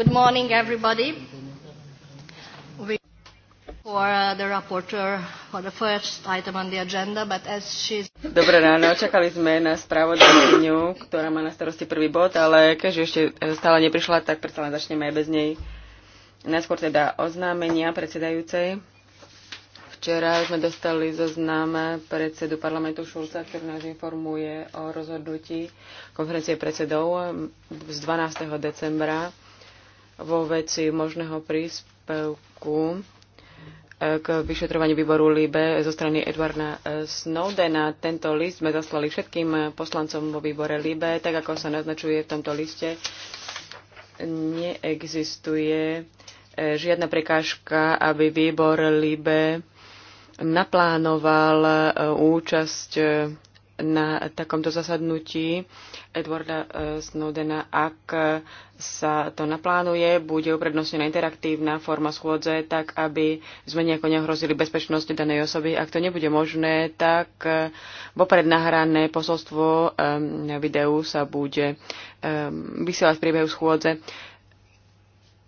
Good morning, everybody. We for uh, the rapporteur for the first item on the agenda, but as she's... Dobre ráno, čakali sme na spravodajkyňu, ktorá má na starosti prvý bod, ale keďže ešte e, stále neprišla, tak predsa len začneme aj bez nej. Najskôr teda oznámenia predsedajúcej. Včera sme dostali zoznam predsedu parlamentu Šulca, ktorý nás informuje o rozhodnutí konferencie predsedov z 12. decembra vo veci možného príspevku e, k vyšetrovaniu výboru LIBE zo strany Edwarda e, Snowdena. Tento list sme zaslali všetkým poslancom vo výbore LIBE, tak ako sa naznačuje v tomto liste. Neexistuje e, žiadna prekážka, aby výbor LIBE naplánoval účasť na takomto zasadnutí Edwarda eh, Snowdena, ak eh, sa to naplánuje, bude uprednostnená interaktívna forma schôdze, tak aby sme nejako neohrozili bezpečnosť danej osoby. Ak to nebude možné, tak eh, vopred nahrané posolstvo na videu sa bude vysielať v priebehu schôdze.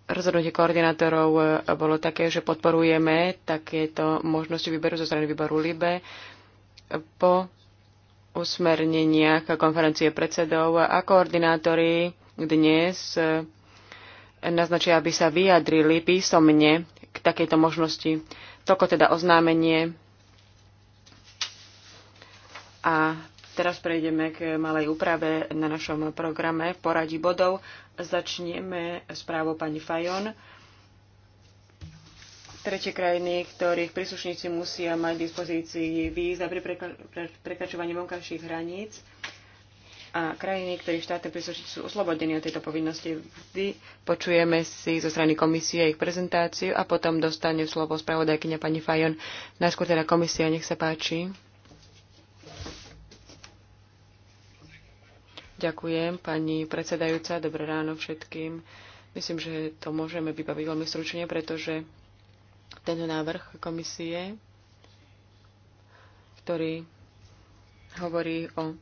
Rozhodnutie koordinátorov bolo také, že podporujeme takéto možnosti výberu zo strany výboru LIBE po usmerneniach konferencie predsedov a koordinátori dnes eh, naznačia, aby sa vyjadrili písomne k takejto možnosti. toľko teda oznámenie. A teraz prejdeme k malej úprave na našom programe v poradí bodov. Začneme správou pani Fajon tretie krajiny, ktorých príslušníci musia mať v dispozícii víza pri prekračovaní vonkajších hraníc a krajiny, ktorých štátne príslušníci sú oslobodení od tejto povinnosti. Vždy počujeme si zo strany komisie ich prezentáciu a potom dostane slovo spravodajkyňa pani Fajon. Najskôr teda komisia, nech sa páči. Ďakujem, pani predsedajúca. Dobré ráno všetkým. Myslím, že to môžeme vybaviť veľmi stručne, pretože ten návrh komisie, ktorý hovorí o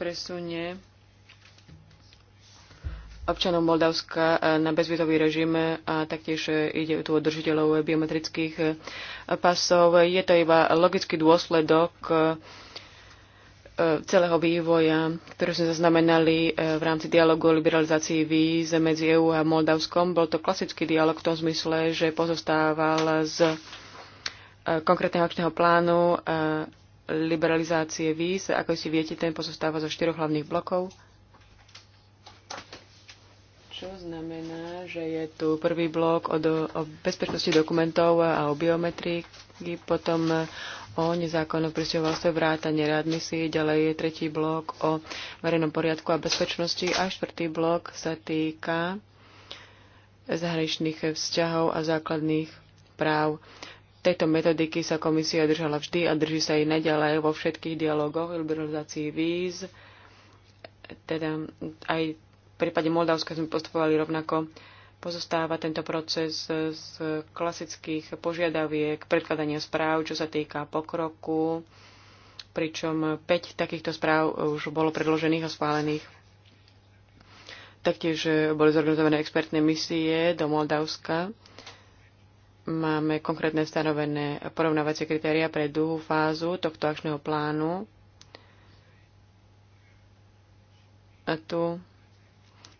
presunie občanov Moldavska e, na bezvizový režim a taktiež ide tu o držiteľov biometrických pasov. Je to iba logický dôsledok E, celého vývoja, ktorý sme zaznamenali e, v rámci dialogu o liberalizácii víz medzi EÚ a Moldavskom. Bol to klasický dialog v tom zmysle, že pozostával z e, konkrétneho akčného plánu liberalizácie víz. Ako si viete, ten pozostáva zo štyroch hlavných blokov. Čo znamená, že je tu prvý blok o, do, o bezpečnosti dokumentov a o biometrii, potom o nezákonnom prisťahovalstve vrátane si ďalej je tretí blok o verejnom poriadku a bezpečnosti a štvrtý blok sa týka zahraničných vzťahov a základných práv. Tejto metodiky sa komisia držala vždy a drží sa aj naďalej vo všetkých dialogoch liberalizácii víz. Teda aj v prípade Moldavska sme postupovali rovnako pozostáva tento proces z klasických požiadaviek predkladania správ, čo sa týka pokroku, pričom 5 takýchto správ už bolo predložených a schválených. Taktiež boli zorganizované expertné misie do Moldavska. Máme konkrétne stanovené porovnávacie kritéria pre druhú fázu tohto akčného plánu. A tu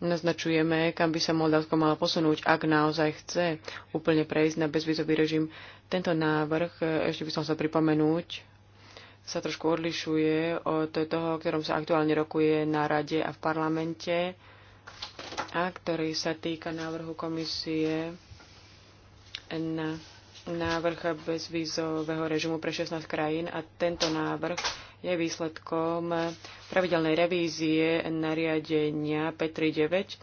naznačujeme, kam by sa Moldavsko malo posunúť, ak naozaj chce úplne prejsť na bezvizový režim. Tento návrh, ešte by som sa pripomenúť, sa trošku odlišuje od toho, o ktorom sa aktuálne rokuje na rade a v parlamente a ktorý sa týka návrhu komisie na návrh bezvízového režimu pre 16 krajín a tento návrh je výsledkom pravidelnej revízie nariadenia P39.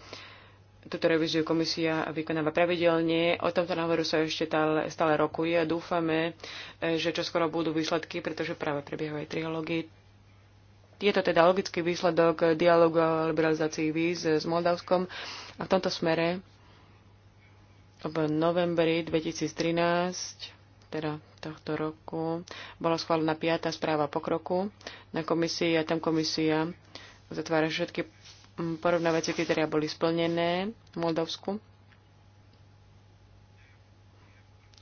Tuto revíziu komisia vykonáva pravidelne. O tomto návrhu sa ešte stále rokuje a dúfame, eh, že čoskoro budú výsledky, pretože práve prebiehajú aj Je to teda logický výsledok dialogu o liberalizácii víz s Moldavskom a v tomto smere v novembri 2013 teda tohto roku bola schválená piata správa pokroku na komisii a tam komisia zatvára všetky mm, porovnávacie kritéria boli splnené v Moldavsku.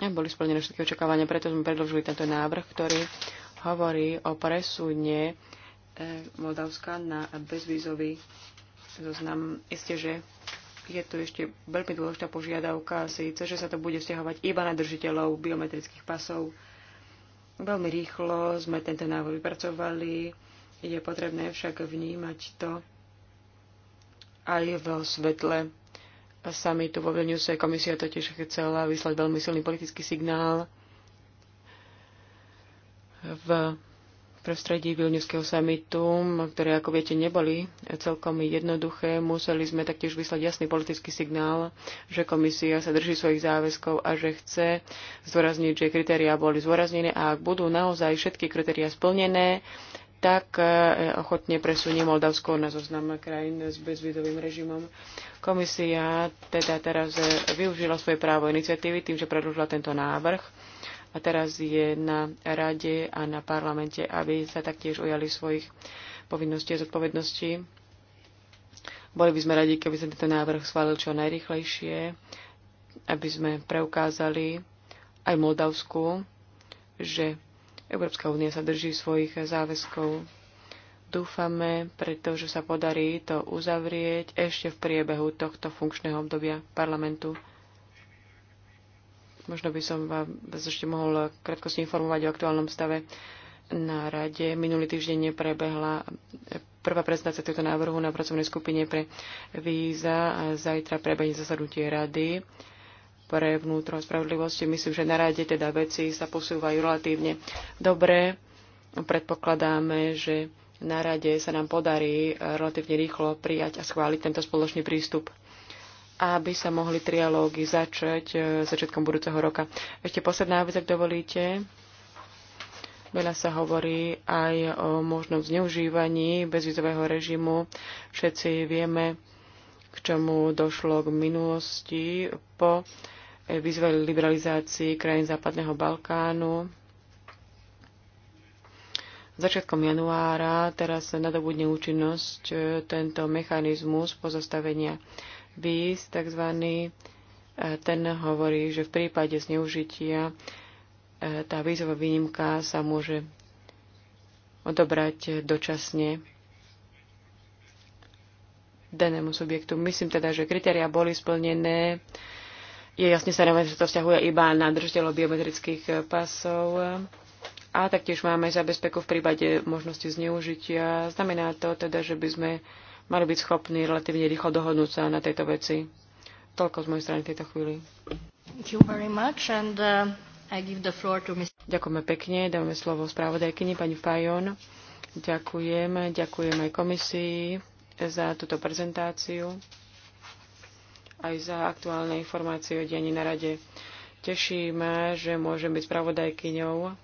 A boli splnené všetky očakávania, preto sme predložili tento návrh, ktorý hovorí o presune e, Moldavska na bezvízový zoznam. Isté, že je tu ešte veľmi dôležitá požiadavka, síce, že sa to bude vzťahovať iba na držiteľov biometrických pasov. Veľmi rýchlo sme tento návrh vypracovali, je potrebné však vnímať to aj v svetle samitu vo Vilniuse. Komisia totiž chcela vyslať veľmi silný politický signál v prostredí Vilniuského samitu, ktoré, ako viete, neboli celkom jednoduché, museli sme taktiež vyslať jasný politický signál, že komisia sa drží svojich záväzkov a že chce zdôrazniť, že kritériá boli zdôraznené a ak budú naozaj všetky kritériá splnené, tak e, ochotne presunie Moldavsko na zoznam krajín s bezvizovým režimom. Komisia teda teraz e, využila svoje právo iniciatívy tým, že predložila tento návrh a teraz je na rade a na parlamente, aby sa taktiež ujali svojich povinností a zodpovedností. Boli by sme radi, keby sa tento návrh schválil čo najrychlejšie, aby sme preukázali aj Moldavsku, že Európska únia sa drží svojich záväzkov. Dúfame, pretože sa podarí to uzavrieť ešte v priebehu tohto funkčného obdobia parlamentu. Možno by som vás ešte mohol krátko informovať o aktuálnom stave na rade. Minulý týždeň prebehla prvá prezentácia tohto návrhu na pracovnej skupine pre víza a zajtra prebehne zasadnutie rady pre vnútro a spravodlivosti. Myslím, že na rade teda veci sa posúvajú relatívne dobre. Predpokladáme, že na rade sa nám podarí relatívne rýchlo prijať a schváliť tento spoločný prístup aby sa mohli trialógy začať e, začiatkom budúceho roka. Ešte posledná vec, ak dovolíte. Veľa sa hovorí aj o možnom zneužívaní bezvizového režimu. Všetci vieme, k čomu došlo k minulosti po e, výzve liberalizácii krajín Západného Balkánu. Začiatkom januára teraz nadobudne účinnosť e, tento mechanizmus pozastavenia víz, takzvaný, e, ten hovorí, že v prípade zneužitia e, tá vízová výnimka sa môže odobrať dočasne danému subjektu. Myslím teda, že kritéria boli splnené. Je jasne sa že to vzťahuje iba na držiteľov biometrických pasov. A taktiež máme zabezpeku v prípade možnosti zneužitia. Znamená to teda, že by sme mali byť schopní relatívne rýchlo dohodnúť sa na tejto veci. Toľko z mojej strany v tejto chvíli. Uh, Ďakujeme pekne, dávame slovo správodajkyni pani Fajon. Ďakujem, ďakujem aj komisii za túto prezentáciu, aj za aktuálne informácie o dianí na rade. Teší ma, že môžem byť spravodajkyňou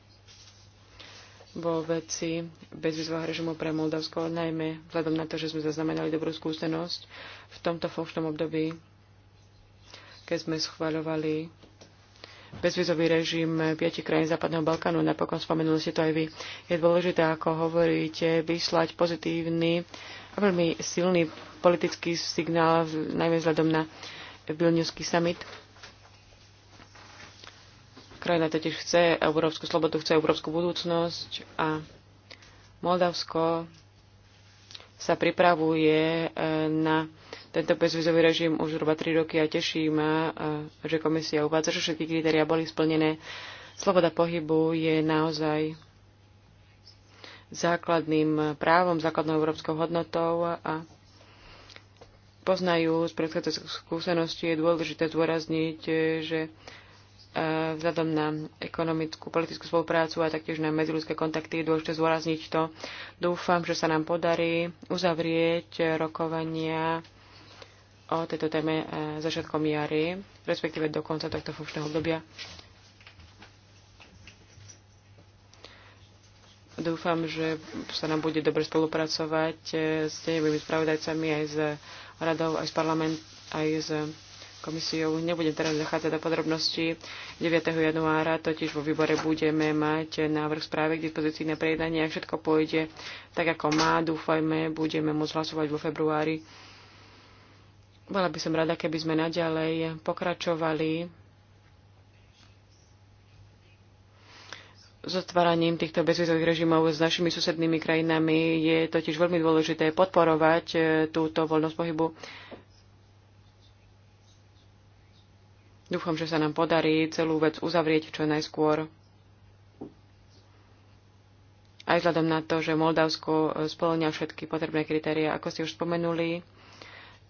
vo veci bezvizového režimu pre Moldavsko, najmä vzhľadom na to, že sme zaznamenali dobrú skúsenosť v tomto funkčnom období, keď sme schváľovali bezvizový režim piatich krajín Západného Balkánu. Napokon spomenuli ste to aj vy. Je dôležité, ako hovoríte, vyslať pozitívny a veľmi silný politický signál, najmä vzhľadom na Vilniuský summit Krajina totiž chce európsku slobodu, chce európsku budúcnosť a Moldavsko sa pripravuje e, na tento bezvizový režim už zhruba 3 roky a teší ma, e, že komisia uvádza, že všetky kritéria boli splnené. Sloboda pohybu je naozaj základným právom, základnou európskou hodnotou a poznajú z predchádzajúcich skúseností, je dôležité zdôrazniť, e, že E, vzhľadom na ekonomickú, politickú spoluprácu a taktiež na medziludské kontakty. Je dôležité zúrazniť to. Dúfam, že sa nám podarí uzavrieť rokovania o tejto téme e, začiatkom jary, respektíve do konca tohto funkčného obdobia. Dúfam, že sa nám bude dobre spolupracovať e, s tenevými spravodajcami aj s radou, aj s parlament, aj s komisiou. Nebudem teraz zachádzať do podrobností. 9. januára totiž vo výbore budeme mať návrh správy k dispozícii na prejednanie. Ak všetko pôjde tak, ako má, dúfajme, budeme môcť hlasovať vo februári. Bola by som rada, keby sme naďalej pokračovali s otváraním týchto bezvizových režimov s našimi susednými krajinami. Je totiž veľmi dôležité podporovať eh, túto voľnosť pohybu Dúfam, že sa nám podarí celú vec uzavrieť čo najskôr. Aj vzhľadom na to, že Moldavsko spolňa všetky potrebné kritéria, ako ste už spomenuli,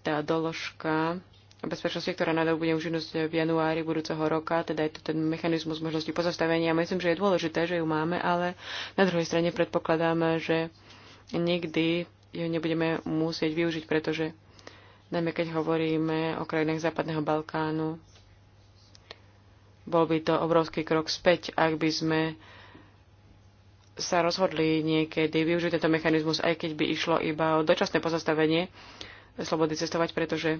tá doložka bezpečnosti, ktorá bude účinnosť v januári budúceho roka, teda je to ten mechanizmus možnosti pozastavenia. Myslím, že je dôležité, že ju máme, ale na druhej strane predpokladáme, že nikdy ju nebudeme musieť využiť, pretože najmä keď hovoríme o krajinách Západného Balkánu, bol by to obrovský krok späť, ak by sme sa rozhodli niekedy využiť tento mechanizmus, aj keď by išlo iba o dočasné pozastavenie slobody cestovať, pretože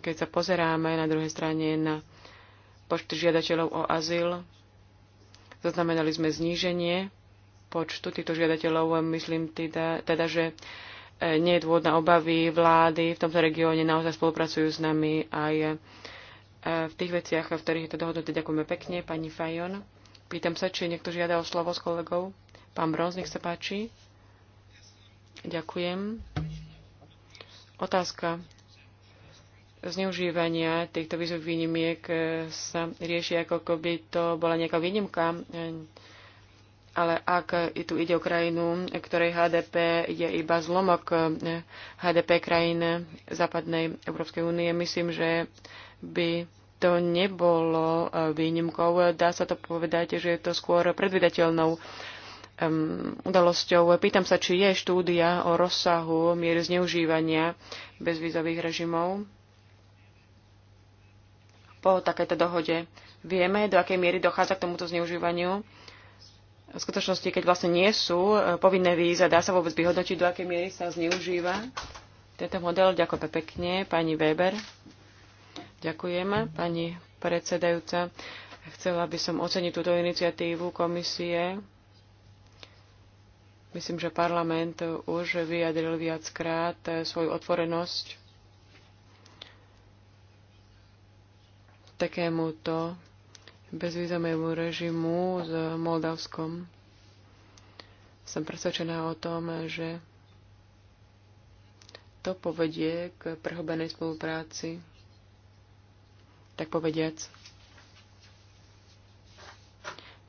keď sa pozeráme na druhej strane na počty žiadateľov o azyl, zaznamenali sme zníženie počtu týchto žiadateľov. Myslím teda, teda že e, nie je dôvod na obavy vlády v tomto regióne naozaj spolupracujú s nami aj v tých veciach, v ktorých je to dohodnuté. Ďakujeme pekne, pani Fajon. Pýtam sa, či niekto žiada o slovo s kolegou. Pán Bronz, nech sa páči. Ďakujem. Otázka zneužívania týchto výzov výnimiek eh, sa rieši, ako keby to bola nejaká výnimka, eh, ale ak tu ide o krajinu, ktorej HDP je iba zlomok HDP krajín západnej Európskej únie, myslím, že by to nebolo eh, výnimkou. Dá sa to povedať, že je to skôr predvydateľnou udalosťou. Pýtam sa, či je štúdia o rozsahu miery zneužívania bezvýzových režimov po takejto dohode. Vieme, do akej miery dochádza k tomuto zneužívaniu v skutočnosti, keď vlastne nie sú e, povinné víza, dá sa vôbec vyhodnotiť, do akej miery sa zneužíva tento model. Ďakujem pekne, pani Weber. Ďakujem, pani predsedajúca. Chcela by som oceniť túto iniciatívu komisie. Myslím, že parlament už vyjadril viackrát e, svoju otvorenosť takémuto bezvýzomému režimu s Moldavskom. Som presvedčená o tom, že to povedie k prehobenej spolupráci, tak povediac,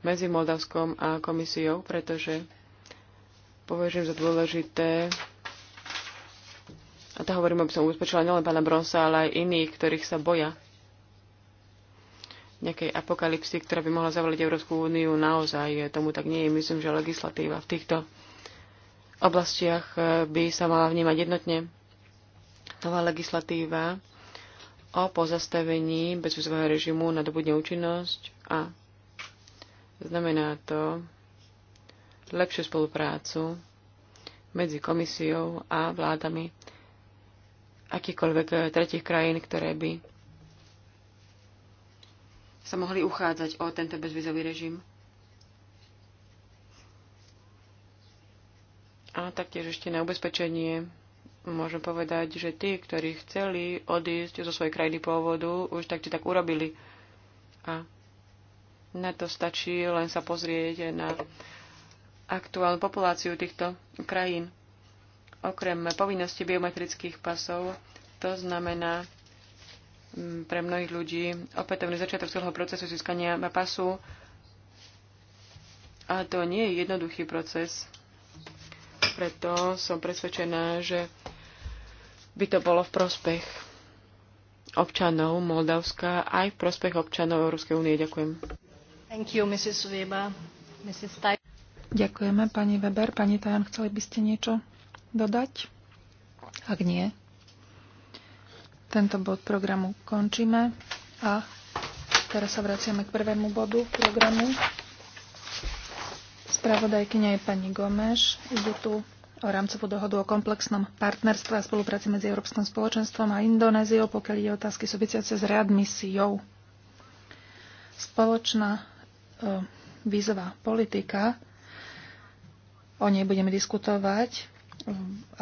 medzi Moldavskom a komisiou, pretože považujem za dôležité, a to hovorím, aby som ubezpečila nielen pána Bronsa, ale aj iných, ktorých sa boja nejakej apokalipsy, ktorá by mohla zavoliť Európsku úniu. Naozaj eh, tomu tak nie je. Myslím, že legislatíva v týchto oblastiach eh, by sa mala vnímať jednotne. Nová legislatíva o pozastavení bezvizového režimu nadobudne účinnosť a znamená to lepšiu spoluprácu medzi komisiou a vládami akýkoľvek eh, tretich krajín, ktoré by sa mohli uchádzať o tento bezvizový režim. A taktiež ešte na ubezpečenie môžem povedať, že tí, ktorí chceli odísť zo svojej krajiny pôvodu, už tak či tak urobili. A na to stačí len sa pozrieť na aktuálnu populáciu týchto krajín. Okrem povinnosti biometrických pasov, to znamená pre mnohých ľudí opätovný začiatok celého procesu získania pasu. A to nie je jednoduchý proces. Preto som presvedčená, že by to bolo v prospech občanov Moldavska aj v prospech občanov Európskej únie. Ďakujem. Thank you, Mrs. Weber. Mrs. Ďakujeme, pani Weber. Pani Tajan, chceli by ste niečo dodať? Ak nie, tento bod programu končíme a teraz sa vraciame k prvému bodu programu. Spravodajkynia je pani Gomeš. Ide tu o rámcovú dohodu o komplexnom partnerstve a spolupráci medzi Európskym spoločenstvom a Indonéziou, pokiaľ ide otázky súvisiace s readmisiou. Spoločná e, vízová politika, o nej budeme diskutovať e,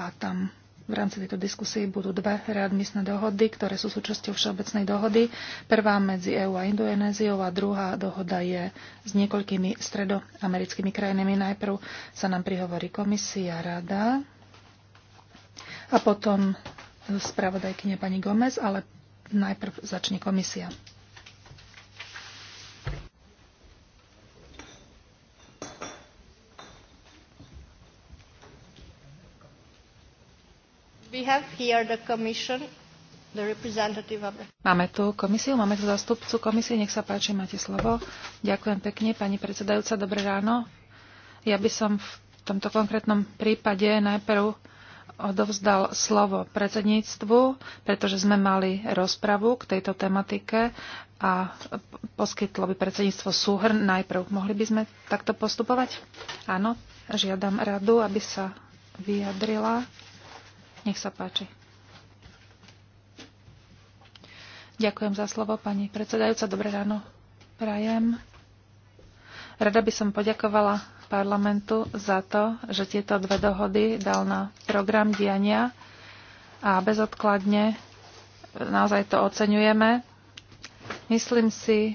a tam v rámci tejto diskusie budú dve readmisné dohody, ktoré sú súčasťou všeobecnej dohody. Prvá medzi EÚ a Indonéziou a druhá dohoda je s niekoľkými stredoamerickými krajinami. Najprv sa nám prihovorí komisia, rada a potom spravodajkyne pani Gomez, ale najprv začne komisia. Máme tu komisiu, máme tu zastupcu komisie, nech sa páči, máte slovo. Ďakujem pekne, pani predsedajúca, dobré ráno. Ja by som v tomto konkrétnom prípade najprv odovzdal slovo predsedníctvu, pretože sme mali rozpravu k tejto tematike a poskytlo by predsedníctvo súhrn najprv. Mohli by sme takto postupovať? Áno, žiadam radu, aby sa vyjadrila. Nech sa páči. Ďakujem za slovo, pani predsedajúca. Dobré ráno. Prajem. Rada by som poďakovala parlamentu za to, že tieto dve dohody dal na program diania a bezodkladne naozaj to oceňujeme. Myslím si,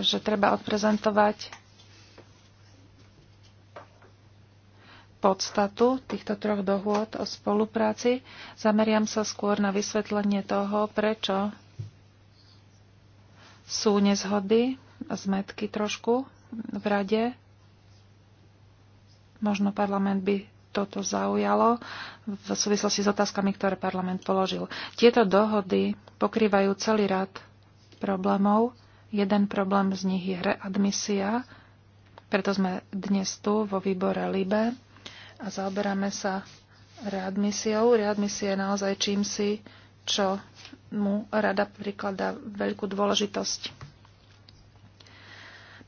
že treba odprezentovať podstatu týchto troch dohôd o spolupráci. Zameriam sa skôr na vysvetlenie toho, prečo sú nezhody a zmetky trošku v rade. Možno parlament by toto zaujalo v súvislosti s otázkami, ktoré parlament položil. Tieto dohody pokrývajú celý rad problémov. Jeden problém z nich je readmisia, preto sme dnes tu vo výbore LIBE a zaoberáme sa readmisiou. Readmisia je naozaj čím si, čo mu rada prikladá veľkú dôležitosť.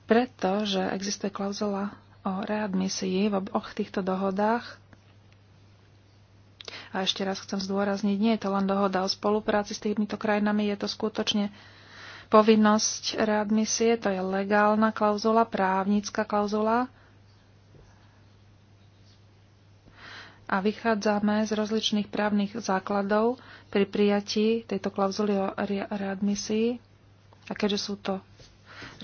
Pretože existuje klauzula o readmisii v oboch týchto dohodách, a ešte raz chcem zdôrazniť, nie je to len dohoda o spolupráci s týmito krajinami, je to skutočne povinnosť readmisie, to je legálna klauzula, právnická klauzula, a vychádzame z rozličných právnych základov pri prijatí tejto klauzuly o readmisii. A keďže sú to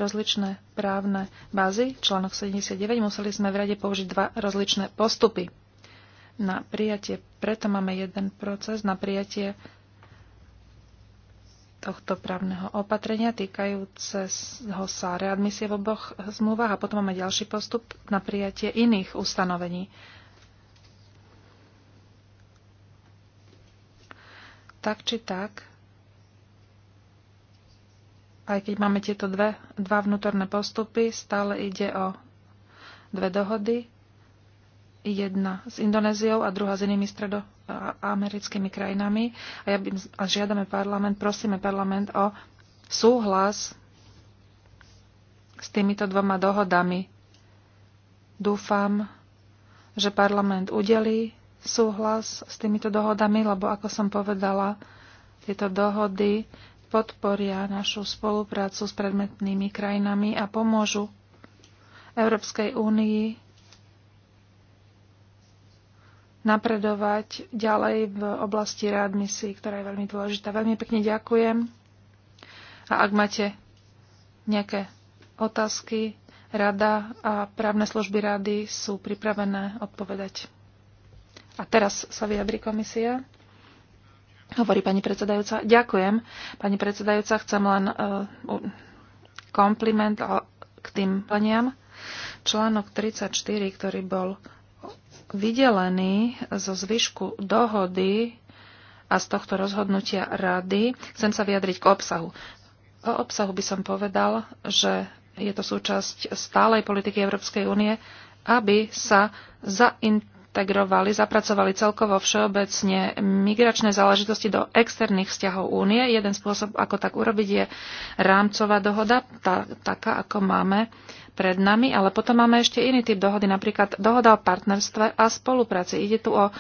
rozličné právne bázy, článok 79, museli sme v rade použiť dva rozličné postupy na prijatie. Preto máme jeden proces na prijatie tohto právneho opatrenia týkajúceho sa readmisie v oboch zmluvách a potom máme ďalší postup na prijatie iných ustanovení Tak či tak, aj keď máme tieto dve, dva vnútorné postupy, stále ide o dve dohody. Jedna s Indonéziou a druhá s inými stredoamerickými krajinami. A, ja by, a žiadame parlament, prosíme parlament o súhlas s týmito dvoma dohodami. Dúfam, že parlament udelí súhlas s týmito dohodami, lebo ako som povedala, tieto dohody podporia našu spoluprácu s predmetnými krajinami a pomôžu Európskej únii napredovať ďalej v oblasti readmisí, ktorá je veľmi dôležitá. Veľmi pekne ďakujem. A ak máte nejaké otázky, rada a právne služby rady sú pripravené odpovedať. A teraz sa vyjadri komisia. Hovorí pani predsedajúca. Ďakujem. Pani predsedajúca, chcem len uh, kompliment k tým pleniam. Článok 34, ktorý bol vydelený zo zvyšku dohody a z tohto rozhodnutia rady, chcem sa vyjadriť k obsahu. O obsahu by som povedal, že je to súčasť stálej politiky Európskej únie, aby sa zainteresovali integrovali, zapracovali celkovo všeobecne migračné záležitosti do externých vzťahov únie. Jeden spôsob, ako tak urobiť, je rámcová dohoda, tá, taká, ako máme pred nami, ale potom máme ešte iný typ dohody, napríklad dohoda o partnerstve a spolupráci. Ide tu o e,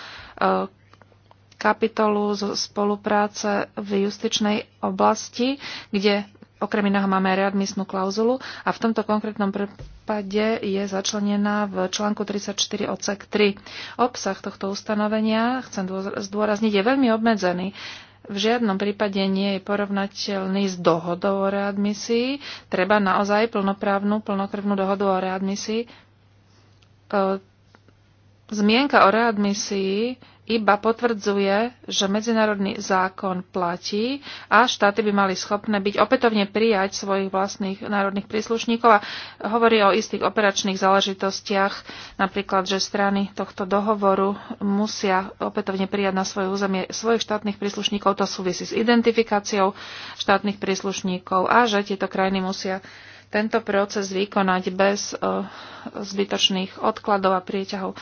kapitolu zo spolupráce v justičnej oblasti, kde Okrem iného máme readmisnú klauzulu a v tomto konkrétnom prípade je začlenená v článku 34 odsek 3. Obsah tohto ustanovenia, chcem zdôrazniť, je veľmi obmedzený. V žiadnom prípade nie je porovnateľný s dohodou o readmisii. Treba naozaj plnoprávnu, plnokrvnú dohodu o readmisii. E, zmienka o readmisii iba potvrdzuje, že medzinárodný zákon platí a štáty by mali schopné byť opätovne prijať svojich vlastných národných príslušníkov a hovorí o istých operačných záležitostiach, napríklad, že strany tohto dohovoru musia opätovne prijať na svoje územie svojich štátnych príslušníkov, to súvisí s identifikáciou štátnych príslušníkov a že tieto krajiny musia tento proces vykonať bez eh, zbytočných odkladov a prieťahov.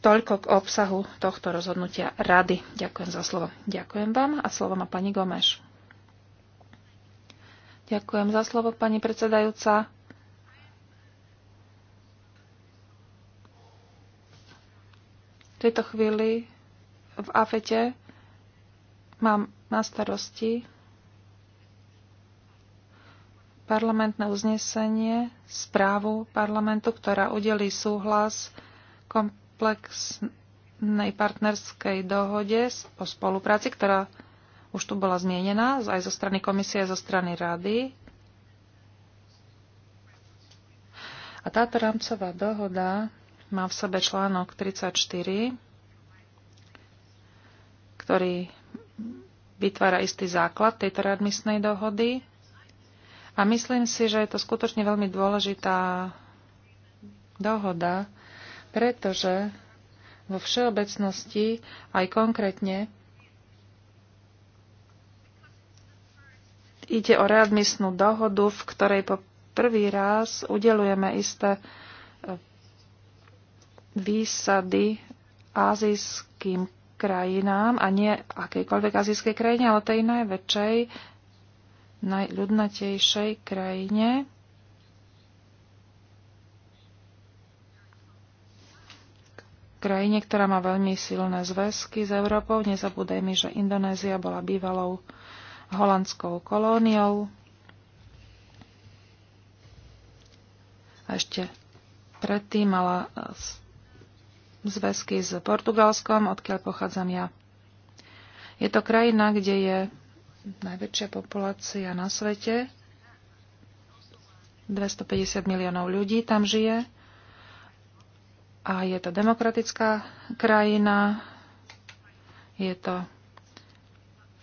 Toľko k obsahu tohto rozhodnutia rady. Ďakujem za slovo. Ďakujem vám a slovo má pani Gomeš. Ďakujem za slovo, pani predsedajúca. V tejto chvíli v AFETE mám na starosti parlamentné uznesenie, správu parlamentu, ktorá udelí súhlas kom- komplexnej partnerskej dohode o spolupráci, ktorá už tu bola zmienená aj zo strany komisie, aj zo strany rady. A táto rámcová dohoda má v sebe článok 34, ktorý vytvára istý základ tejto readmisnej dohody. A myslím si, že je to skutočne veľmi dôležitá dohoda, pretože vo všeobecnosti aj konkrétne ide o readmisnú dohodu, v ktorej po prvý raz udelujeme isté e, výsady azijským krajinám a nie akejkoľvek azijskej krajine, ale tej najväčšej, najľudnatejšej krajine. krajine, ktorá má veľmi silné zväzky s Európou. Nezabúdajme, že Indonézia bola bývalou holandskou kolóniou. A ešte predtým mala eh, zväzky s Portugalskom, odkiaľ pochádzam ja. Je to krajina, kde je najväčšia populácia na svete. 250 miliónov ľudí tam žije a je to demokratická krajina, je to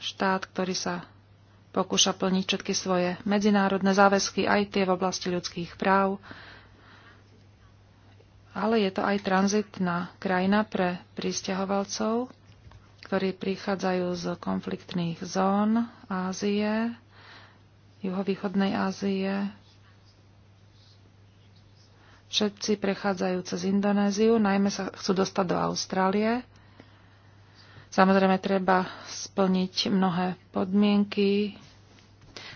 štát, ktorý sa pokúša plniť všetky svoje medzinárodné záväzky, aj tie v oblasti ľudských práv, ale je to aj tranzitná krajina pre pristahovalcov, ktorí prichádzajú z konfliktných zón Ázie, juhovýchodnej Ázie, Všetci prechádzajú cez Indonéziu, najmä sa chcú dostať do Austrálie. Samozrejme, treba splniť mnohé podmienky.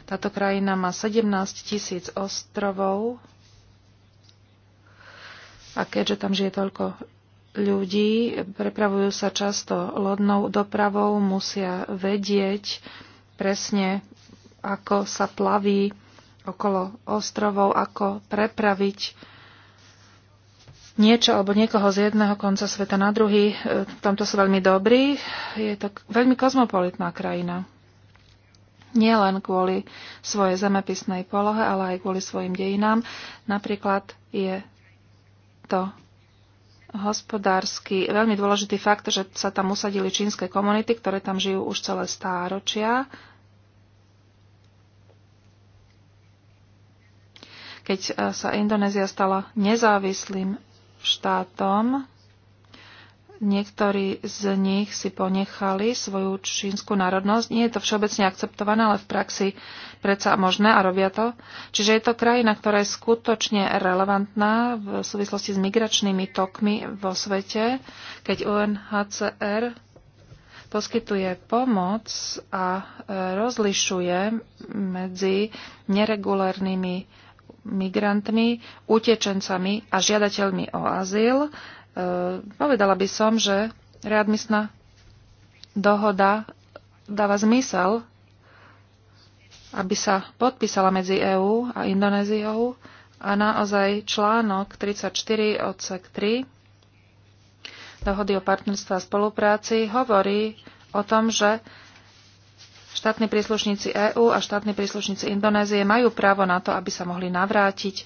Táto krajina má 17 tisíc ostrovov a keďže tam žije toľko ľudí, prepravujú sa často lodnou dopravou, musia vedieť presne, ako sa plaví okolo ostrovov, ako prepraviť niečo alebo niekoho z jedného konca sveta na druhý. V e, tomto sú veľmi dobrí. Je to veľmi kozmopolitná krajina. Nie len kvôli svojej zemepisnej polohe, ale aj kvôli svojim dejinám. Napríklad je to hospodársky veľmi dôležitý fakt, že sa tam usadili čínske komunity, ktoré tam žijú už celé stáročia. Keď e, sa Indonézia stala nezávislým štátom. Niektorí z nich si ponechali svoju čínsku národnosť. Nie je to všeobecne akceptované, ale v praxi predsa možné a robia to. Čiže je to krajina, ktorá je skutočne relevantná v súvislosti s migračnými tokmi vo svete, keď UNHCR poskytuje pomoc a e, rozlišuje medzi neregulárnymi migrantmi, utečencami a žiadateľmi o azyl. E, povedala by som, že readmisná dohoda dáva zmysel, aby sa podpísala medzi EÚ a Indonéziou a naozaj článok 34 odsek 3 dohody o partnerstve a spolupráci hovorí o tom, že Štátni príslušníci EÚ a štátni príslušníci Indonézie majú právo na to, aby sa mohli navrátiť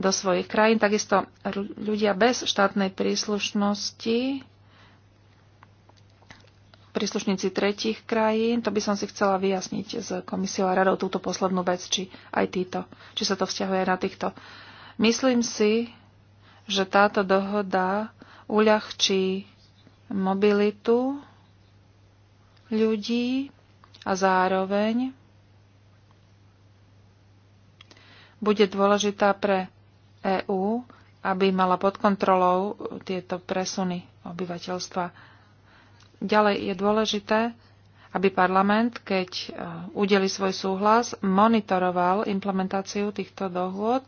do svojich krajín. Takisto ľudia bez štátnej príslušnosti, príslušníci tretich krajín, to by som si chcela vyjasniť s komisiou a radou túto poslednú vec, či aj títo, či sa to vzťahuje na týchto. Myslím si, že táto dohoda uľahčí mobilitu ľudí a zároveň bude dôležitá pre EÚ, aby mala pod kontrolou tieto presuny obyvateľstva. Ďalej je dôležité, aby parlament, keď e, udeli svoj súhlas, monitoroval implementáciu týchto dohôd,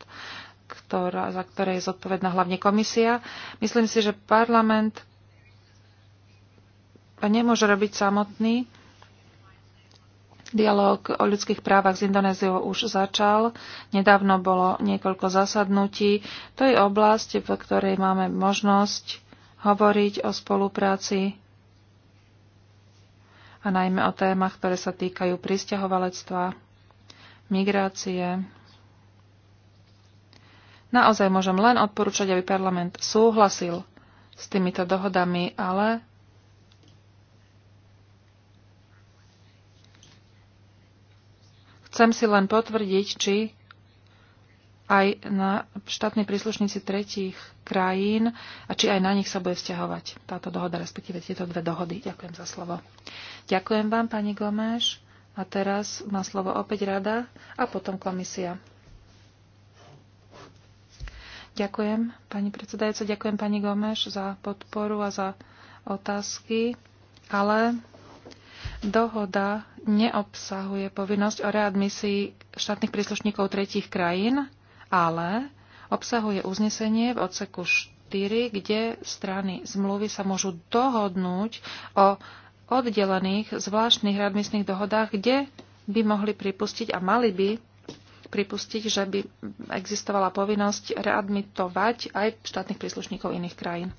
ktorá, za ktoré je zodpovedná hlavne komisia. Myslím si, že parlament nemôže robiť samotný, Dialóg o ľudských právach s Indonéziou už začal. Nedávno bolo niekoľko zasadnutí. To je oblasť, v ktorej máme možnosť hovoriť o spolupráci a najmä o témach, ktoré sa týkajú pristahovalectva, migrácie. Naozaj môžem len odporúčať, aby parlament súhlasil s týmito dohodami, ale Chcem si len potvrdiť, či aj na štátni príslušníci tretích krajín a či aj na nich sa bude vzťahovať táto dohoda, respektíve tieto dve dohody. Ďakujem za slovo. Ďakujem vám, pani Gomeš. A teraz má slovo opäť rada a potom komisia. Ďakujem, pani predsedajúca, ďakujem pani Gomeš za podporu a za otázky, ale Dohoda neobsahuje povinnosť o readmisii štátnych príslušníkov tretích krajín, ale obsahuje uznesenie v odseku 4, kde strany zmluvy sa môžu dohodnúť o oddelených zvláštnych readmisných dohodách, kde by mohli pripustiť a mali by pripustiť, že by existovala povinnosť readmitovať aj štátnych príslušníkov iných krajín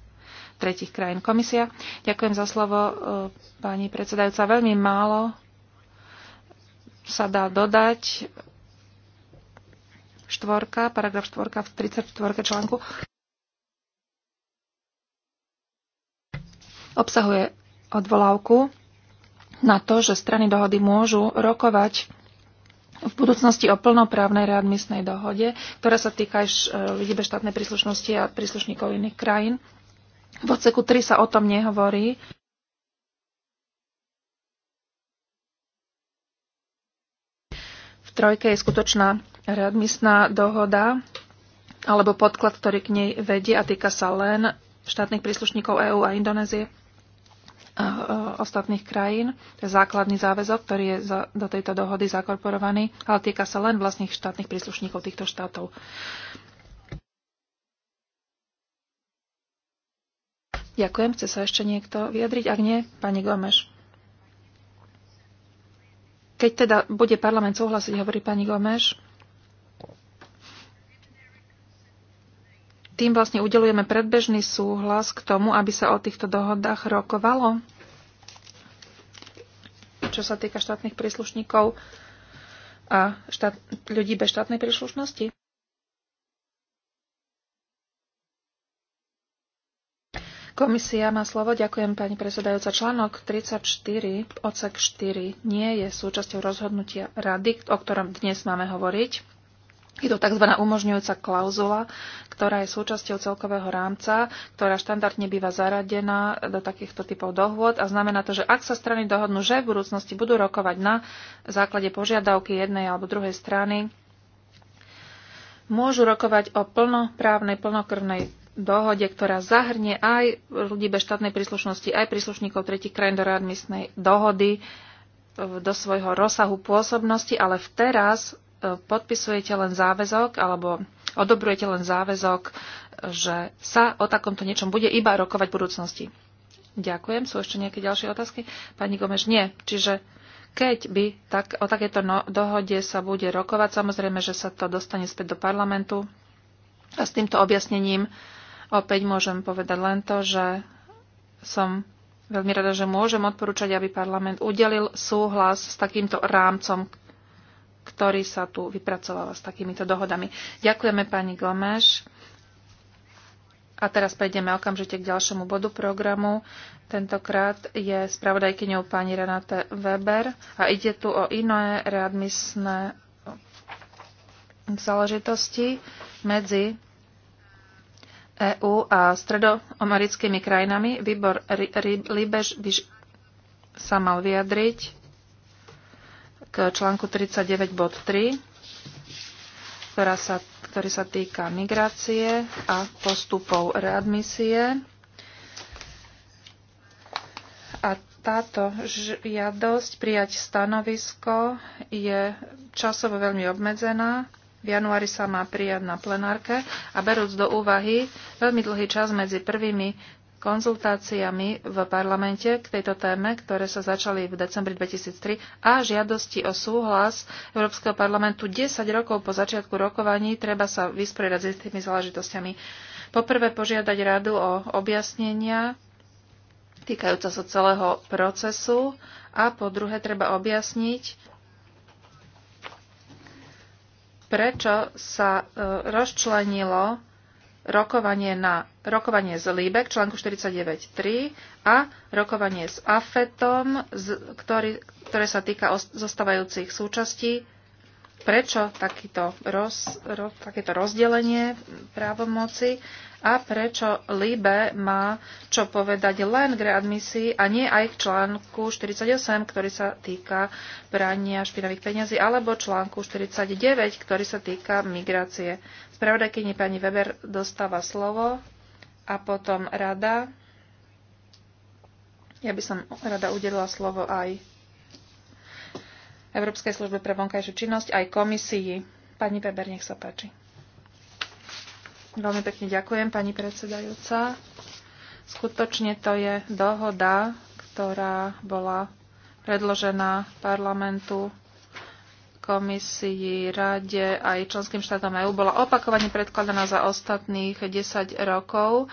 tretich krajín. Komisia, ďakujem za slovo, e, pani predsedajúca. Veľmi málo sa dá dodať. Štvorka, paragraf štvorka v 34. článku obsahuje odvolávku na to, že strany dohody môžu rokovať v budúcnosti o plnoprávnej readmisnej dohode, ktorá sa týka aj ľudí e, bez štátnej príslušnosti a príslušníkov iných krajín. V odseku 3 sa o tom nehovorí. V trojke je skutočná readmisná dohoda alebo podklad, ktorý k nej vedie a týka sa len štátnych príslušníkov EÚ a Indonézie a ostatných krajín. To je základný záväzok, ktorý je za, do tejto dohody zakorporovaný, ale týka sa len vlastných štátnych príslušníkov týchto štátov. Ďakujem. Chce sa ešte niekto vyjadriť? Ak nie, pani Gomeš. Keď teda bude parlament súhlasiť, hovorí pani Gomeš, tým vlastne udelujeme predbežný súhlas k tomu, aby sa o týchto dohodách rokovalo, čo sa týka štátnych príslušníkov a štát, ľudí bez štátnej príslušnosti. Komisia má slovo. Ďakujem, pani predsedajúca. Článok 34, odsek 4, nie je súčasťou rozhodnutia rady, o ktorom dnes máme hovoriť. Je to tzv. umožňujúca klauzula, ktorá je súčasťou celkového rámca, ktorá štandardne býva zaradená do takýchto typov dohôd a znamená to, že ak sa strany dohodnú, že v budúcnosti budú rokovať na základe požiadavky jednej alebo druhej strany, môžu rokovať o plnoprávnej, plnokrvnej dohode, ktorá zahrnie aj ľudí bez štátnej príslušnosti, aj príslušníkov tretich krajín do readmisnej dohody e, do svojho rozsahu pôsobnosti, ale teraz e, podpisujete len záväzok alebo odobrujete len záväzok, e, že sa o takomto niečom bude iba rokovať v budúcnosti. Ďakujem. Sú ešte nejaké ďalšie otázky? Pani Gomeš, nie. Čiže keď by tak, o takéto no, dohode sa bude rokovať, samozrejme, že sa to dostane späť do parlamentu a s týmto objasnením Opäť môžem povedať len to, že som veľmi rada, že môžem odporúčať, aby parlament udelil súhlas s takýmto rámcom, ktorý sa tu vypracovala s takýmito dohodami. Ďakujeme pani Gomeš. A teraz prejdeme okamžite k ďalšiemu bodu programu. Tentokrát je spravodajkyňou pani Renate Weber a ide tu o iné readmisné záležitosti medzi EÚ a stredoamerickými krajinami. Výbor Líbež by sa mal vyjadriť k článku 39.3, ktorý sa týka migrácie a postupov readmisie. A táto žiadosť prijať stanovisko je časovo veľmi obmedzená v januári sa má prijať na plenárke a berúc do úvahy veľmi dlhý čas medzi prvými konzultáciami v parlamente k tejto téme, ktoré sa začali v decembri 2003 a žiadosti o súhlas Európskeho parlamentu 10 rokov po začiatku rokovaní treba sa vysporiadať s tými záležitostiami. Poprvé požiadať radu o objasnenia týkajúca sa celého procesu a po druhé treba objasniť prečo sa e, rozčlenilo rokovanie, na, rokovanie z Líbek, článku 49.3 a rokovanie s AFETom, ktoré sa týka zostávajúcich súčastí prečo takýto roz, ro, takéto rozdelenie právomoci a prečo Libe má čo povedať len k readmisii a nie aj k článku 48, ktorý sa týka prania špinavých peňazí, alebo článku 49, ktorý sa týka migrácie. Spravodajkyni pani Weber dostáva slovo a potom rada. Ja by som rada udelila slovo aj Európskej službe pre vonkajšiu činnosť aj komisii. Pani Peber, nech sa páči. Veľmi pekne ďakujem, pani predsedajúca. Skutočne to je dohoda, ktorá bola predložená parlamentu, komisii, rade aj členským štátom EÚ, bola opakovane predkladaná za ostatných 10 rokov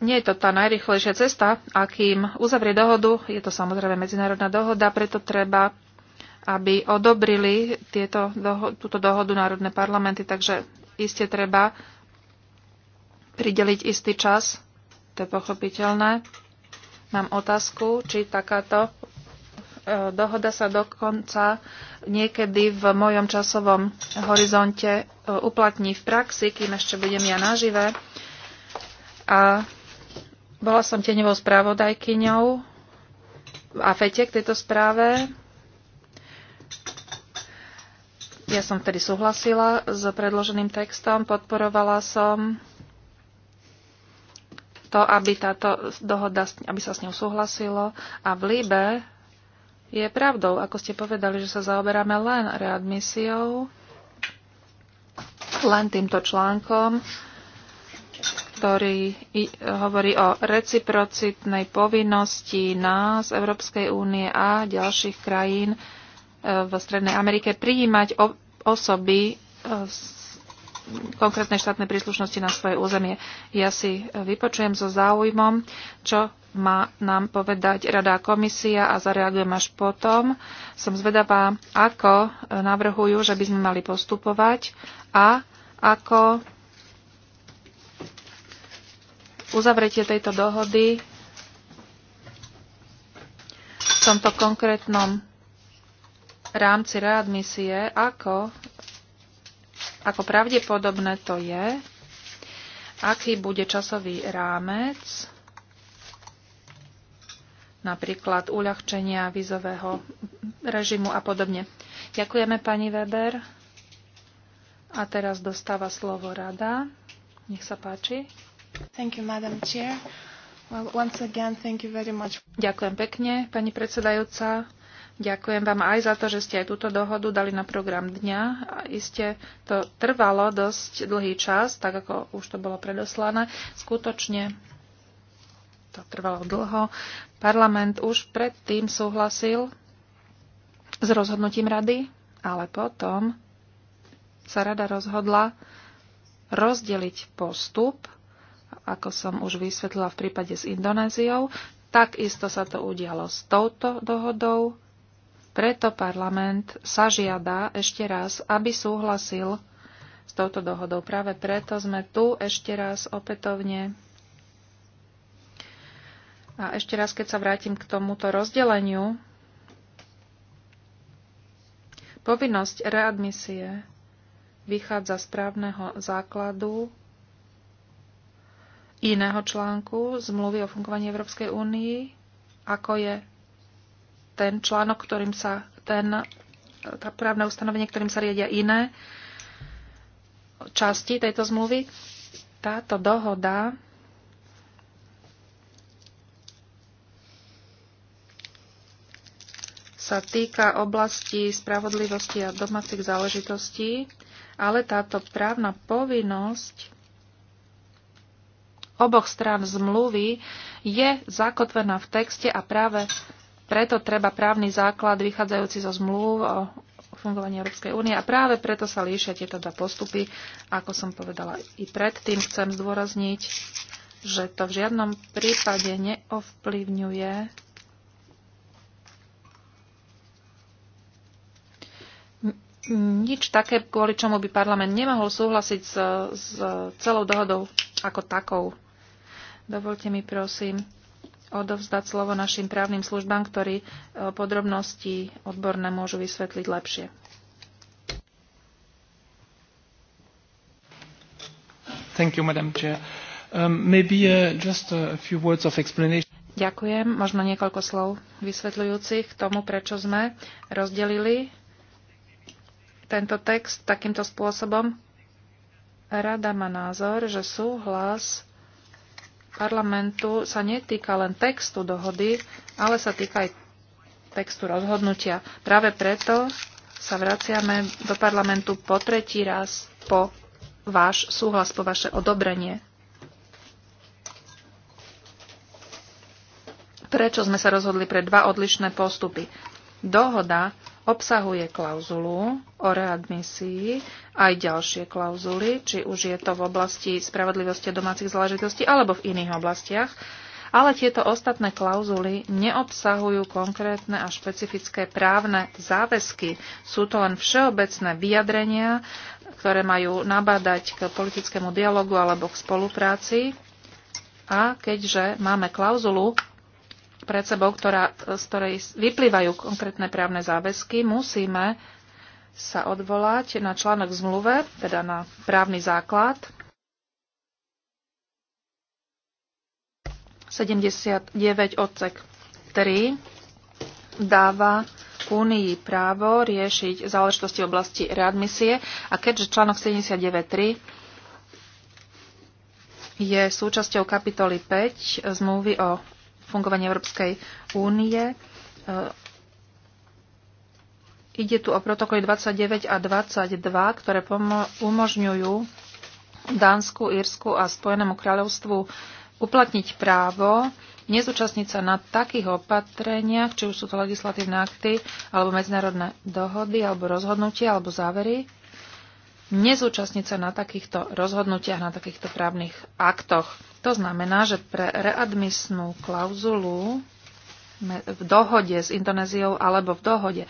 nie je to tá najrychlejšia cesta, akým uzavrie dohodu. Je to samozrejme medzinárodná dohoda, preto treba, aby odobrili tieto, doho- túto dohodu národné parlamenty, takže iste treba prideliť istý čas. To je pochopiteľné. Mám otázku, či takáto e, dohoda sa dokonca niekedy v mojom časovom horizonte e, uplatní v praxi, kým ešte budem ja nažive. A bola som tenevou správodajkyňou v AFETE k tejto správe. Ja som vtedy súhlasila s predloženým textom, podporovala som to, aby táto dohoda, aby sa s ňou súhlasilo. A v Líbe je pravdou, ako ste povedali, že sa zaoberáme len readmisiou, len týmto článkom ktorý hovorí o reciprocitnej povinnosti nás, Európskej únie a ďalších krajín e, v Strednej Amerike prijímať osoby z e, konkrétnej štátnej príslušnosti na svoje územie. Ja si e, vypočujem so záujmom, čo má nám povedať Rada komisia a zareagujem až potom. Som zvedavá, ako navrhujú, že by sme mali postupovať a ako uzavretie tejto dohody v tomto konkrétnom rámci readmisie, ako, ako pravdepodobné to je, aký bude časový rámec, napríklad uľahčenia vizového režimu a podobne. Ďakujeme, pani Weber. A teraz dostáva slovo rada. Nech sa páči. Ďakujem pekne, pani predsedajúca. Ďakujem vám aj za to, že ste aj túto dohodu dali na program dňa. A iste to trvalo dosť dlhý čas, tak ako už to bolo predoslané. Skutočne to trvalo dlho. Parlament už predtým súhlasil s rozhodnutím rady, ale potom sa rada rozhodla rozdeliť postup ako som už vysvetlila v prípade s Indonéziou. Takisto sa to udialo s touto dohodou. Preto parlament sa žiada ešte raz, aby súhlasil s touto dohodou. Práve preto sme tu ešte raz opätovne. A ešte raz, keď sa vrátim k tomuto rozdeleniu, povinnosť readmisie vychádza z právneho základu iného článku zmluvy o fungovaní Európskej únii, ako je ten článok, ktorým sa ten, tá právne ustanovenie, ktorým sa riadia iné časti tejto zmluvy. Táto dohoda sa týka oblasti spravodlivosti a domácich záležitostí, ale táto právna povinnosť oboch strán zmluvy je zakotvená v texte a práve preto treba právny základ vychádzajúci zo zmluv o fungovaní Európskej únie a práve preto sa líšia tieto dva postupy. Ako som povedala i predtým, chcem zdôrazniť, že to v žiadnom prípade neovplyvňuje nič také, kvôli čomu by parlament nemohol súhlasiť s, s celou dohodou ako takou. Dovolte mi prosím odovzdať slovo našim právnym službám, ktorí e, podrobnosti odborné môžu vysvetliť lepšie. Thank you, Madam Chair. Um, maybe uh, just a few words of explanation. Ďakujem. Možno niekoľko slov vysvetľujúcich k tomu, prečo sme rozdelili tento text takýmto spôsobom. Rada má názor, že súhlas parlamentu sa netýka len textu dohody, ale sa týka aj textu rozhodnutia. Práve preto sa vraciame do parlamentu po tretí raz po váš súhlas, po vaše odobrenie. Prečo sme sa rozhodli pre dva odlišné postupy? Dohoda obsahuje klauzulu o readmisii, aj ďalšie klauzuly, či už je to v oblasti spravodlivosti a domácich záležitostí alebo v iných oblastiach, ale tieto ostatné klauzuly neobsahujú konkrétne a špecifické právne záväzky. Sú to len všeobecné vyjadrenia, ktoré majú nabádať k politickému dialogu alebo k spolupráci. A keďže máme klauzulu pred sebou, ktorá, z ktorej vyplývajú konkrétne právne záväzky, musíme sa odvolať na článok v zmluve, teda na právny základ 79 odsek 3 dáva Únii právo riešiť záležitosti v oblasti readmisie a keďže článok 79.3 je súčasťou kapitoly 5 zmluvy o fungovanie Európskej únie. E, ide tu o protokoly 29 a 22, ktoré umožňujú Dánsku, Írsku a Spojenému kráľovstvu uplatniť právo nezúčastniť sa na takých opatreniach, či už sú to legislatívne akty, alebo medzinárodné dohody, alebo rozhodnutia, alebo závery, nezúčastniť sa na takýchto rozhodnutiach, na takýchto právnych aktoch. To znamená, že pre readmisnú klauzulu v dohode s Indonéziou alebo v dohode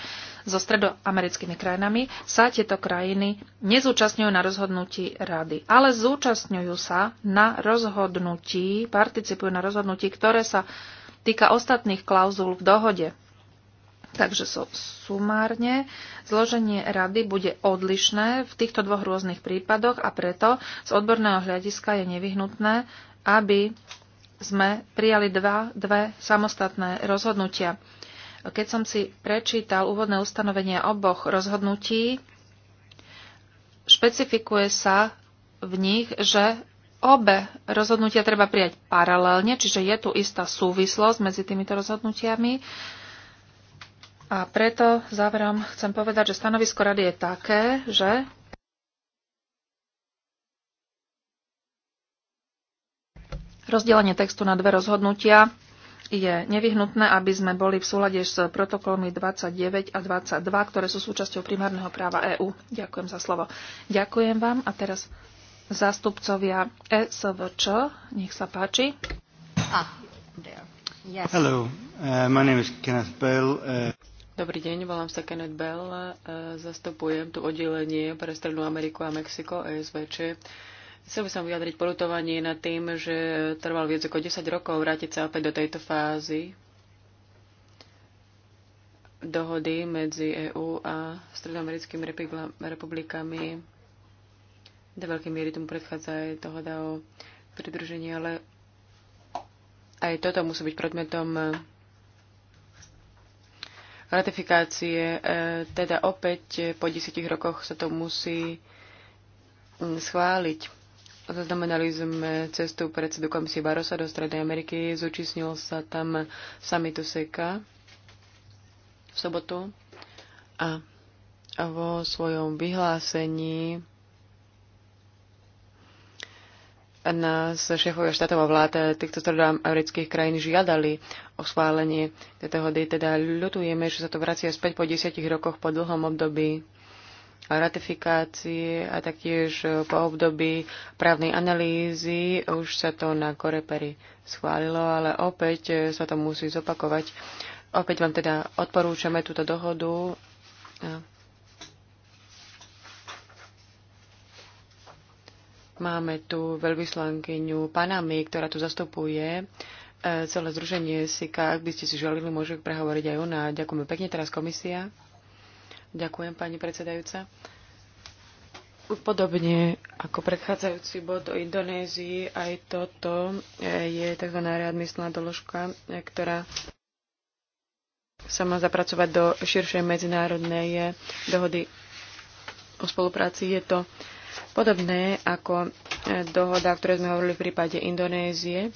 so stredoamerickými krajinami sa tieto krajiny nezúčastňujú na rozhodnutí rady, ale zúčastňujú sa na rozhodnutí, participujú na rozhodnutí, ktoré sa týka ostatných klauzul v dohode. Takže so, sumárne zloženie rady bude odlišné v týchto dvoch rôznych prípadoch a preto z odborného hľadiska je nevyhnutné aby sme prijali dva, dve samostatné rozhodnutia. Keď som si prečítal úvodné ustanovenia oboch rozhodnutí, špecifikuje sa v nich, že obe rozhodnutia treba prijať paralelne, čiže je tu istá súvislosť medzi týmito rozhodnutiami. A preto záverom chcem povedať, že stanovisko rady je také, že Rozdelenie textu na dve rozhodnutia je nevyhnutné, aby sme boli v súlade s protokolmi 29 a 22, ktoré sú súčasťou primárneho práva EÚ. Ďakujem za slovo. Ďakujem vám a teraz zástupcovia SVČ. Nech sa páči. Ah, uh, uh, Dobrý deň, volám sa Kenneth Bell. Uh, zastupujem tu oddelenie pre Strednú Ameriku a Mexiko ESVČ. Chcel by som vyjadriť polutovanie nad tým, že trval viac ako 10 rokov vrátiť sa opäť do tejto fázy dohody medzi EÚ a stredoamerickými republikami. Do veľkej miery tomu predchádza aj dohoda o pridružení, ale aj toto musí byť predmetom ratifikácie. E, teda opäť po 10 rokoch sa to musí mm, schváliť. Zaznamenali sme cestu predsedu komisie Barosa do Strednej Ameriky. Zúčastnil sa tam samitu SECA v sobotu a vo svojom vyhlásení nás šéfovia štátov a vlád týchto stredoamerických krajín žiadali o schválenie tejto hody. Teda ľutujeme, že sa to vracia späť po desiatich rokoch po dlhom období ratifikácie a taktiež e, po období právnej analýzy už sa to na Korepery schválilo, ale opäť e, sa to musí zopakovať. Opäť vám teda odporúčame túto dohodu. Máme tu veľvyslankyňu Panamy, ktorá tu zastupuje e, celé združenie SIKA. Ak by ste si želili, môže prehovoriť aj ona. Ďakujeme pekne. Teraz komisia. Ďakujem, pani predsedajúca. Podobne ako predchádzajúci bod o Indonézii, aj toto e, je tzv. readmisná doložka, e, ktorá sa má zapracovať do širšej medzinárodnej e, dohody o spolupráci. Je to podobné ako dohoda, o ktorej sme hovorili v prípade Indonézie.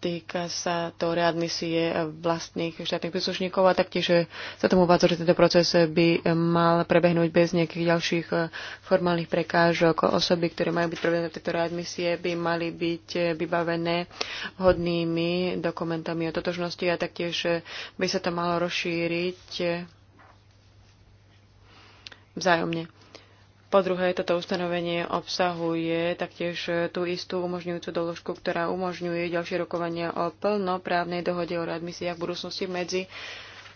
Týka sa to readmisie vlastných štátnych príslušníkov a taktiež eh, sa tomu uvádza, že tento proces eh, by eh, mal prebehnúť bez nejakých ďalších formálnych prekážok. Osoby, ktoré majú byť prevedené do tejto readmisie, by mali byť vybavené vhodnými dokumentami o totožnosti a taktiež by sa to malo rozšíriť vzájomne po druhé, toto ustanovenie obsahuje taktiež tú istú umožňujúcu doložku, ktorá umožňuje ďalšie rokovania o plnoprávnej dohode o readmisiách v budúcnosti medzi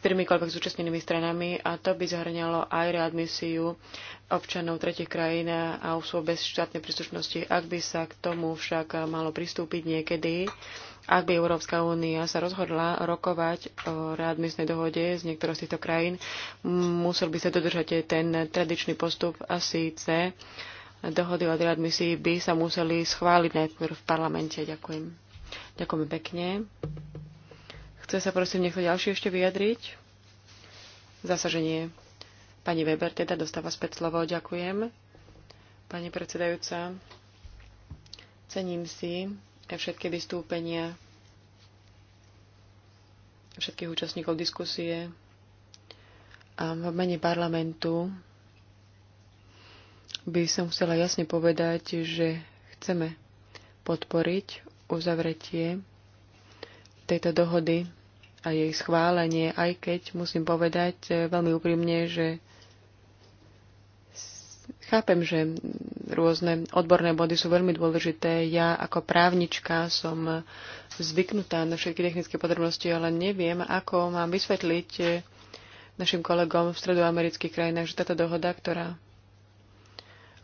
ktorýmikoľvek zúčastnenými stranami a to by zahrňalo aj readmisiu občanov tretich krajín a osôb bez štátnej príslušnosti. Ak by sa k tomu však malo pristúpiť niekedy, ak by Európska únia sa rozhodla rokovať o readmisnej dohode z niektorých z týchto krajín, musel by sa dodržať ten tradičný postup a síce dohody o readmisii by sa museli schváliť najprv v parlamente. Ďakujem. Ďakujem pekne. Chce sa prosím niekto ďalší ešte vyjadriť? Zasa, že nie. Pani Weber teda dostáva späť slovo. Ďakujem. Pani predsedajúca, cením si všetky vystúpenia všetkých účastníkov diskusie a v mene parlamentu by som chcela jasne povedať, že chceme podporiť uzavretie tejto dohody a jej schválenie, aj keď musím povedať eh, veľmi úprimne, že chápem, že rôzne odborné body sú veľmi dôležité. Ja ako právnička som zvyknutá na všetky technické podrobnosti, ale neviem, ako mám vysvetliť eh, našim kolegom v stredoamerických krajinách, že táto dohoda, ktorá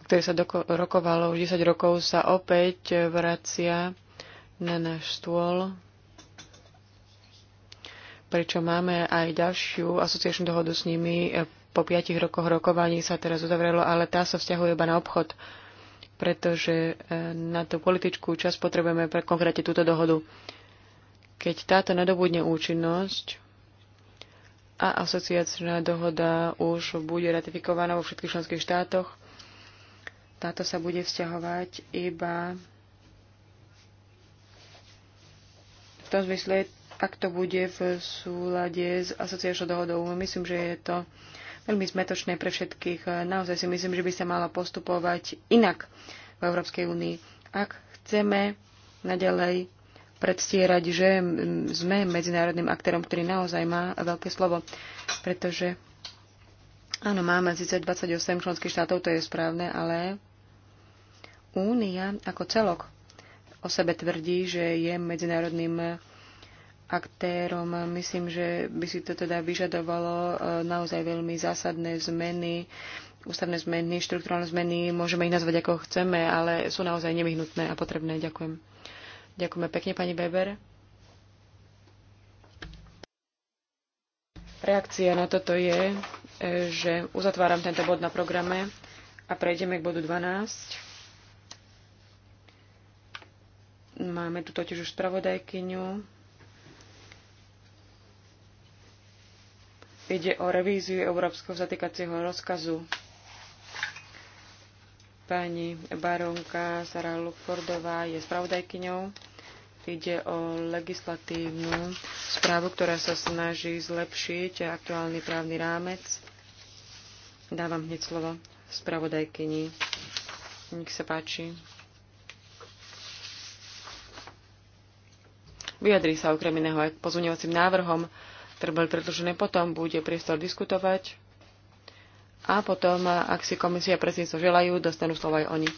ktoré sa doko- rokovalo už 10 rokov, sa opäť vracia na náš stôl. Prečo máme aj ďalšiu asociačnú dohodu s nimi eh, po piatich rokoch rokovaní sa teraz uzavrelo, ale tá sa vzťahuje iba na obchod, pretože e, na tú političku časť potrebujeme pre konkrétne túto dohodu. Keď táto nadobudne účinnosť a asociačná dohoda už bude ratifikovaná vo všetkých členských štátoch, táto sa bude vzťahovať iba v tom zmysle, ak to bude v súlade s asociačnou dohodou. Myslím, že je to veľmi zmetočné pre všetkých. Naozaj si myslím, že by sa malo postupovať inak v Európskej únii. Ak chceme naďalej predstierať, že sme medzinárodným aktérom, ktorý naozaj má veľké slovo, pretože áno, máme síce 28 členských štátov, to je správne, ale Únia ako celok o sebe tvrdí, že je medzinárodným aktérom. Myslím, že by si to teda vyžadovalo e, naozaj veľmi zásadné zmeny, ústavné zmeny, štruktúrálne zmeny. Môžeme ich nazvať ako chceme, ale sú naozaj nevyhnutné a potrebné. Ďakujem. Ďakujeme pekne, pani Weber. Reakcia na toto je, e, že uzatváram tento bod na programe a prejdeme k bodu 12. Máme tu totiž už spravodajkyňu. Ide o revíziu Európskeho zatýkacieho rozkazu. Pani baronka Sara Lukfordová je spravodajkyňou. Ide o legislatívnu správu, ktorá sa snaží zlepšiť aktuálny právny rámec. Dávam hneď slovo spravodajkyni. Nech sa páči. Vyjadrí sa okrem iného aj k návrhom, ktoré boli predložené. Potom bude priestor diskutovať a potom, ak si komisia a so želajú, dostanú slovo aj oni.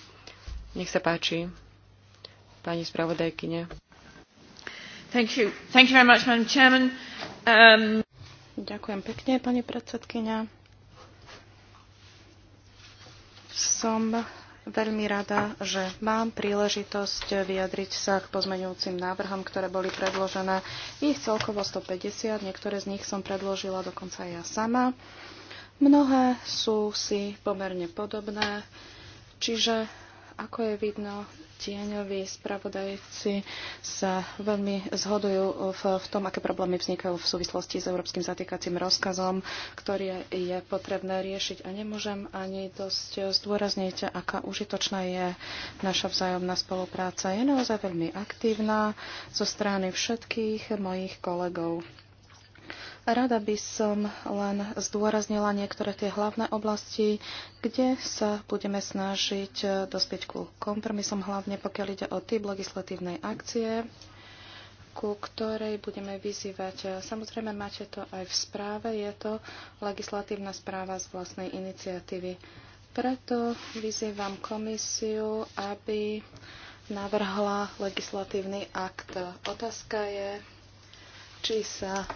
Nech sa páči, pani spravodajkyne. Thank you. Thank you very much, Madam Chairman. Um... Ďakujem pekne, pani predsedkynia. Som veľmi rada, že mám príležitosť vyjadriť sa k pozmeňujúcim návrhom, ktoré boli predložené. Ich celkovo 150, niektoré z nich som predložila dokonca ja sama. Mnohé sú si pomerne podobné, čiže ako je vidno, tieňoví spravodajci sa veľmi zhodujú v, v tom, aké problémy vznikajú v súvislosti s európskym zatýkacím rozkazom, ktorý je potrebné riešiť. A nemôžem ani dosť zdôrazniť, aká užitočná je naša vzájomná spolupráca. Je naozaj veľmi aktívna zo strany všetkých mojich kolegov. Rada by som len zdôraznila niektoré tie hlavné oblasti, kde sa budeme snažiť eh, dospieť ku kompromisom, hlavne pokiaľ ide o typ legislatívnej akcie, ku ktorej budeme vyzývať. Samozrejme, máte to aj v správe, je to legislatívna správa z vlastnej iniciatívy. Preto vyzývam komisiu, aby navrhla legislatívny akt. Otázka je, či sa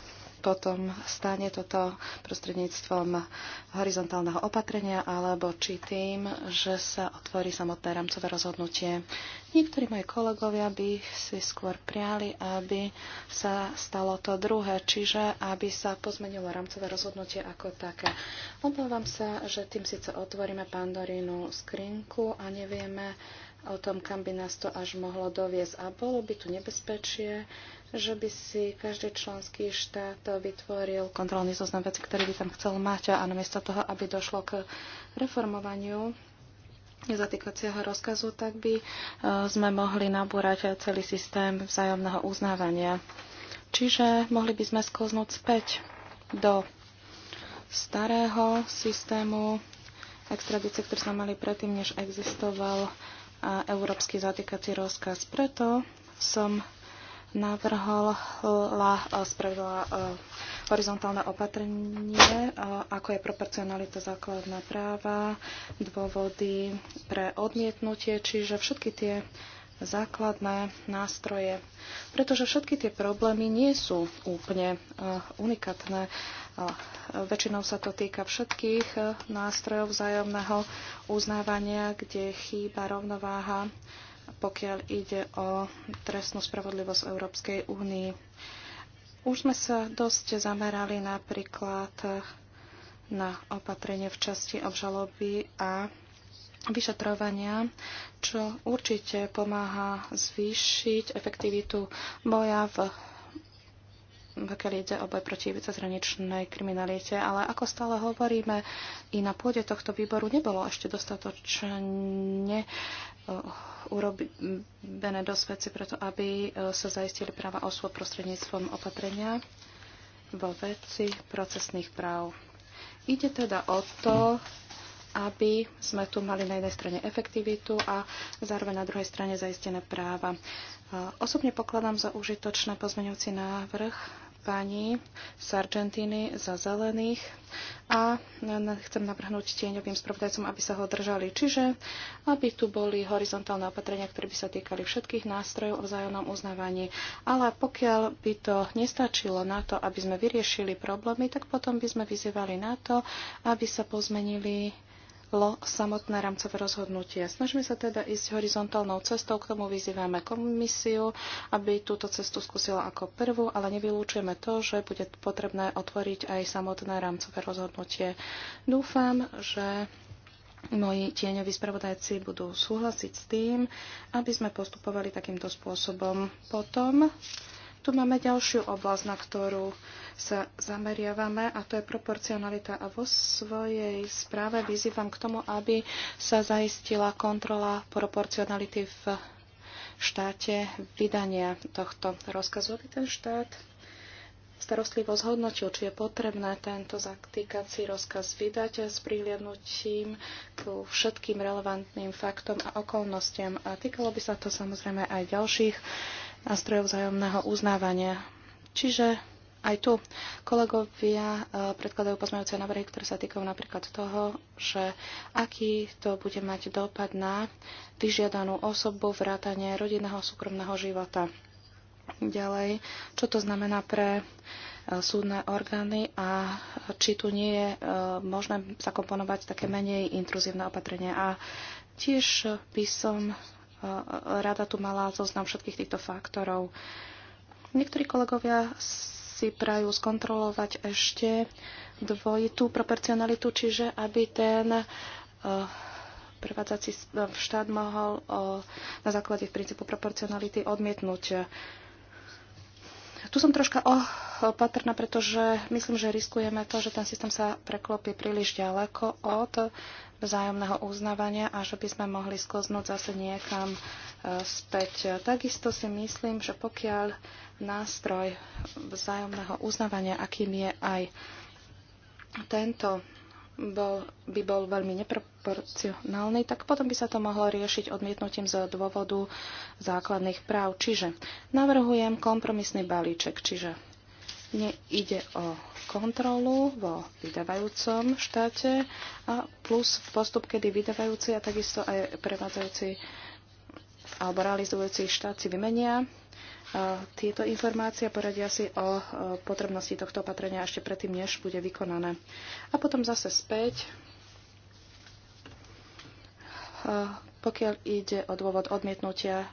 potom stane toto prostredníctvom horizontálneho opatrenia, alebo či tým, že sa otvorí samotné rámcové rozhodnutie. Niektorí moji kolegovia by si skôr priali, aby sa stalo to druhé, čiže aby sa pozmenilo rámcové rozhodnutie ako také. Obávam sa, že tým síce otvoríme pandorínu skrinku a nevieme o tom, kam by nás to až mohlo doviesť. A bolo by tu nebezpečie, že by si každý členský štát vytvoril kontrolný zoznam vecí, ktorý by tam chcel mať a namiesto toho, aby došlo k reformovaniu nezatýkacieho rozkazu, tak by e, sme mohli nabúrať celý systém vzájomného uznávania. Čiže mohli by sme skoznúť späť do starého systému extradície, ktorý sme mali predtým, než existoval európsky zatýkací rozkaz. Preto som navrhla, e, spravila e, horizontálne opatrenie, e, ako je proporcionalita základná práva, dôvody pre odmietnutie, čiže všetky tie základné nástroje. Pretože všetky tie problémy nie sú úplne unikatné. Väčšinou sa to týka všetkých nástrojov vzájomného uznávania, kde chýba rovnováha pokiaľ ide o trestnú spravodlivosť v Európskej únii. Už sme sa dosť zamerali napríklad na opatrenie v časti obžaloby a vyšetrovania, čo určite pomáha zvýšiť efektivitu boja v pokiaľ ide o boj proti cezhraničnej kriminalite, ale ako stále hovoríme, i na pôde tohto výboru nebolo ešte dostatočne eh, urobené dosť veci preto, aby eh, sa zaistili práva osôb prostredníctvom opatrenia vo veci procesných práv. Ide teda o to, aby sme tu mali na jednej strane efektivitu a zároveň na druhej strane zaistené práva. Eh, osobne pokladám za užitočné pozmeňujúci návrh pani z Argentiny, za zelených a chcem navrhnúť tieňovým spravodajcom, aby sa ho držali. Čiže, aby tu boli horizontálne opatrenia, ktoré by sa týkali všetkých nástrojov o vzájomnom uznávaní. Ale pokiaľ by to nestačilo na to, aby sme vyriešili problémy, tak potom by sme vyzývali na to, aby sa pozmenili lo samotné rámcové rozhodnutie. Snažíme sa teda ísť horizontálnou cestou, k tomu vyzývame komisiu, aby túto cestu skúsila ako prvú, ale nevylúčujeme to, že bude potrebné otvoriť aj samotné rámcové rozhodnutie. Dúfam, že moji tieňoví spravodajci budú súhlasiť s tým, aby sme postupovali takýmto spôsobom. Potom tu máme ďalšiu oblasť, na ktorú sa zameriavame a to je proporcionalita. A vo svojej správe vyzývam k tomu, aby sa zaistila kontrola proporcionality v štáte vydania tohto rozkazu, aby ten štát starostlivo zhodnotil, či je potrebné tento zaktikací rozkaz vydať s prihliadnutím k všetkým relevantným faktom a okolnostiam. A týkalo by sa to samozrejme aj ďalších nástrojov vzájomného uznávania. Čiže aj tu kolegovia eh, predkladajú pozmejúce návrhy, ktoré sa týkajú napríklad toho, že aký to bude mať dopad na vyžiadanú osobu, vrátanie rodinného súkromného života. Ďalej, čo to znamená pre eh, súdne orgány a či tu nie je eh, možné zakomponovať také menej intruzívne opatrenia. A tiež by som Eh, rada tu mala zoznam všetkých týchto faktorov. Niektorí kolegovia si prajú skontrolovať ešte dvojitú proporcionalitu, čiže aby ten eh, prevádzací štát mohol eh, na základe princípu proporcionality odmietnúť. Tu som troška opatrná, pretože myslím, že riskujeme to, že ten systém sa preklopí príliš ďaleko od vzájomného uznávania a že by sme mohli skoznúť zase niekam e, späť. Takisto si myslím, že pokiaľ nástroj vzájomného uznávania, akým je aj tento, bol, by bol veľmi neproporcionálny, tak potom by sa to mohlo riešiť odmietnutím z dôvodu základných práv. Čiže navrhujem kompromisný balíček, čiže Vlastne ide o kontrolu vo vydávajúcom štáte a plus postup, kedy vydávajúci a takisto aj prevádzajúci alebo realizujúci štát si vymenia tieto informácie, poradia si o potrebnosti tohto opatrenia ešte predtým, než bude vykonané. A potom zase späť pokiaľ ide o dôvod odmietnutia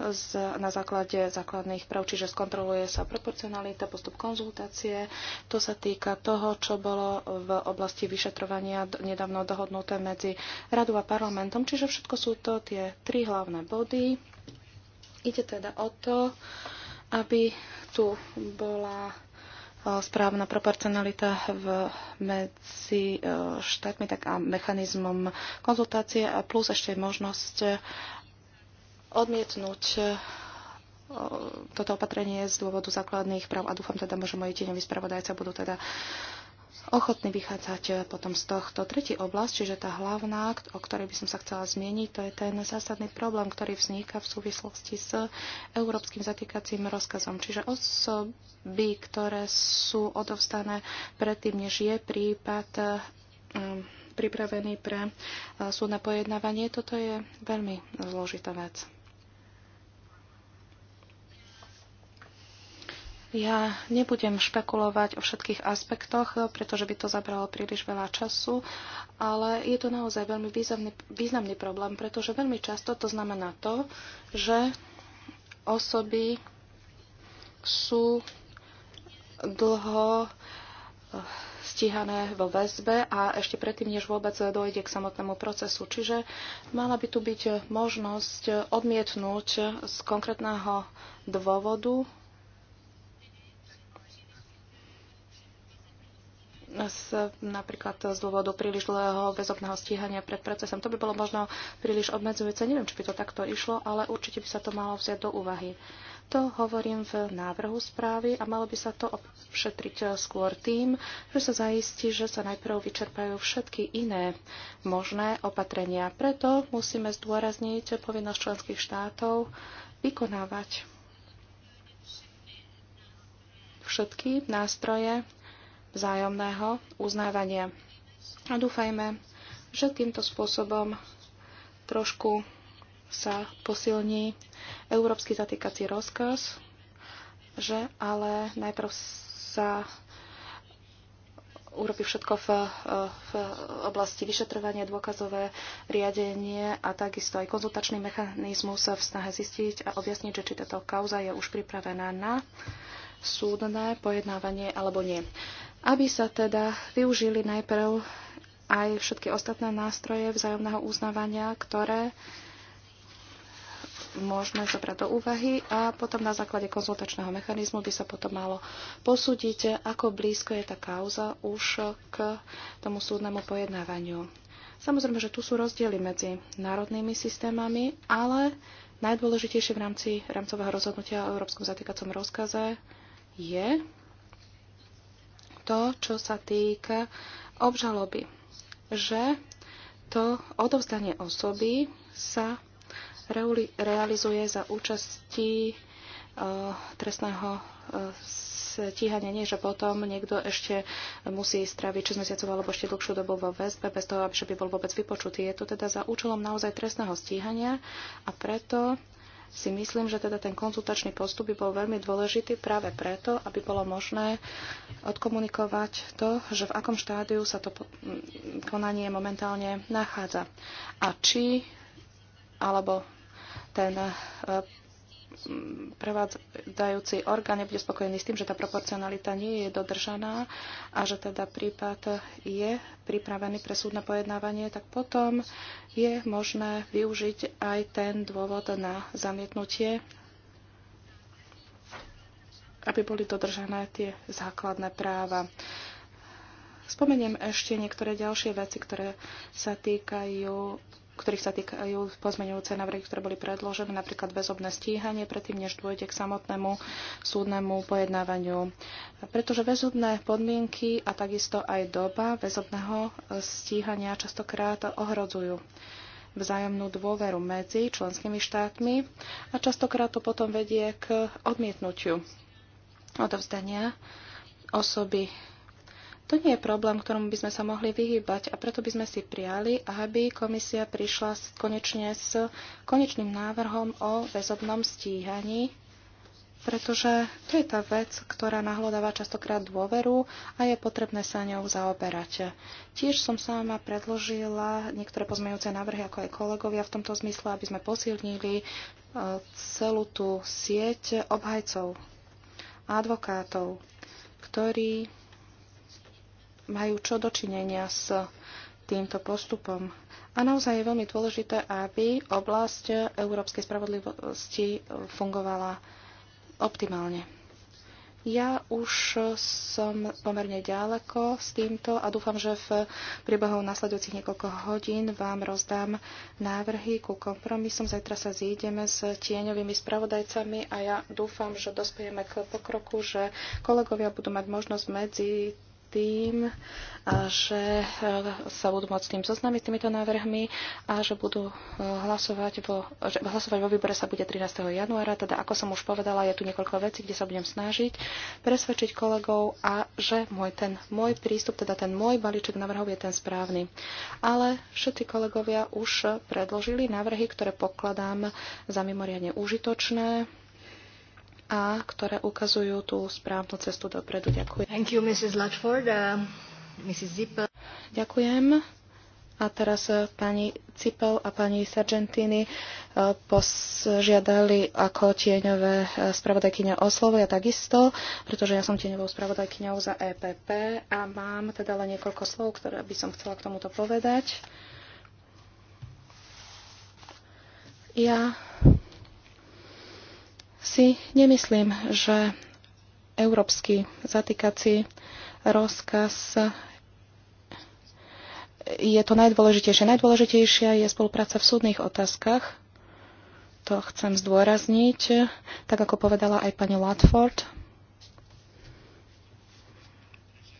z, na základe základných práv, čiže skontroluje sa proporcionalita, postup konzultácie. To sa týka toho, čo bolo v oblasti vyšetrovania nedávno dohodnuté medzi Radu a parlamentom, čiže všetko sú to tie tri hlavné body. Ide teda o to, aby tu bola e, správna proporcionalita v, medzi e, štátmi tak a mechanizmom konzultácie a plus ešte možnosť odmietnúť e, toto opatrenie z dôvodu základných práv a dúfam teda, že moji tieňoví spravodajca budú teda ochotní vychádzať e, potom z tohto. Tretí oblasť, čiže tá hlavná, o ktorej by som sa chcela zmieniť, to je ten zásadný problém, ktorý vzniká v súvislosti s európskym zatýkacím rozkazom. Čiže osoby, ktoré sú odovstané predtým, než je prípad um, pripravený pre súdne pojednávanie, toto je veľmi zložitá vec. Ja nebudem špekulovať o všetkých aspektoch, pretože by to zabralo príliš veľa času, ale je to naozaj veľmi významný, významný problém, pretože veľmi často to znamená to, že osoby sú dlho eh, stíhané vo väzbe a ešte predtým, než vôbec dojde k samotnému procesu. Čiže mala by tu byť možnosť odmietnúť z konkrétneho dôvodu s, napríklad z dôvodu príliš dlhého väzobného stíhania pred procesom. To by bolo možno príliš obmedzujúce. Neviem, či by to takto išlo, ale určite by sa to malo vziať do úvahy. To hovorím v návrhu správy a malo by sa to obšetriť skôr tým, že sa zaistí, že sa najprv vyčerpajú všetky iné možné opatrenia. Preto musíme zdôrazniť povinnosť členských štátov vykonávať všetky nástroje vzájomného uznávania. A dúfajme, že týmto spôsobom trošku sa posilní európsky zatýkací rozkaz, že ale najprv sa urobí všetko v, v oblasti vyšetrovania, dôkazové riadenie a takisto aj konzultačný mechanizmus v snahe zistiť a objasniť, že či táto kauza je už pripravená na súdne pojednávanie alebo nie aby sa teda využili najprv aj všetky ostatné nástroje vzájomného uznávania, ktoré môžeme zobrať do úvahy a potom na základe konzultačného mechanizmu by sa potom malo posúdiť, ako blízko je tá kauza už k tomu súdnemu pojednávaniu. Samozrejme, že tu sú rozdiely medzi národnými systémami, ale najdôležitejšie v rámci rámcového rozhodnutia o Európskom zatýkacom rozkaze je, to, čo sa týka obžaloby, že to odovzdanie osoby sa realizuje za účasti e, trestného e, stíhania. Nie, že potom niekto ešte musí straviť 6 mesiacov alebo ešte dlhšiu dobu vo väzbe bez toho, aby by bol vôbec vypočutý. Je to teda za účelom naozaj trestného stíhania a preto si myslím, že teda ten konzultačný postup by bol veľmi dôležitý práve preto, aby bolo možné odkomunikovať to, že v akom štádiu sa to konanie momentálne nachádza. A či alebo ten e, prevádzajúci orgán nebude spokojený s tým, že tá proporcionalita nie je dodržaná a že teda prípad je pripravený pre súdne pojednávanie, tak potom je možné využiť aj ten dôvod na zamietnutie, aby boli dodržané tie základné práva. Spomeniem ešte niektoré ďalšie veci, ktoré sa týkajú ktorých sa týkajú pozmeňujúce návrhy, ktoré boli predložené, napríklad väzobné stíhanie, predtým než dôjde k samotnému súdnemu pojednávaniu. Pretože väzobné podmienky a takisto aj doba väzobného e, stíhania častokrát ohrodzujú vzájomnú dôveru medzi členskými štátmi a častokrát to potom vedie k odmietnutiu odovzdania osoby to nie je problém, ktorému by sme sa mohli vyhýbať a preto by sme si prijali, aby komisia prišla konečne s konečným návrhom o väzobnom stíhaní, pretože to je tá vec, ktorá nahľadáva častokrát dôveru a je potrebné sa ňou zaoberať. Tiež som sama predložila niektoré pozmejúce návrhy, ako aj kolegovia v tomto zmysle, aby sme posilnili e, celú tú sieť obhajcov a advokátov, ktorí majú čo dočinenia s týmto postupom. A naozaj je veľmi dôležité, aby oblasť európskej spravodlivosti fungovala optimálne. Ja už som pomerne ďaleko s týmto a dúfam, že v priebehu nasledujúcich niekoľko hodín vám rozdám návrhy ku kompromisom. Zajtra sa zídeme s tieňovými spravodajcami a ja dúfam, že dospejeme k pokroku, že kolegovia budú mať možnosť medzi tým, že e, sa budú môcť tým zoznámiť s týmito návrhmi a že budú e, hlasovať vo, že hlasovať vo výbore sa bude 13. januára. Teda, ako som už povedala, je tu niekoľko vecí, kde sa budem snažiť presvedčiť kolegov a že môj, ten môj prístup, teda ten môj balíček návrhov je ten správny. Ale všetci kolegovia už predložili návrhy, ktoré pokladám za mimoriadne užitočné a ktoré ukazujú tú správnu cestu dopredu. Ďakujem. Thank you, Mrs. Uh, Mrs. Zippel. Ďakujem. A teraz uh, pani Cipel a pani Sargentini uh, požiadali ako tieňové uh, spravodajkyňa o slovo, ja takisto, pretože ja som tieňovou spravodajkyňou za EPP a mám teda len niekoľko slov, ktoré by som chcela k tomuto povedať. Ja si nemyslím, že európsky zatýkací rozkaz je to najdôležitejšie. Najdôležitejšia je spolupráca v súdnych otázkach. To chcem zdôrazniť, tak ako povedala aj pani Latford.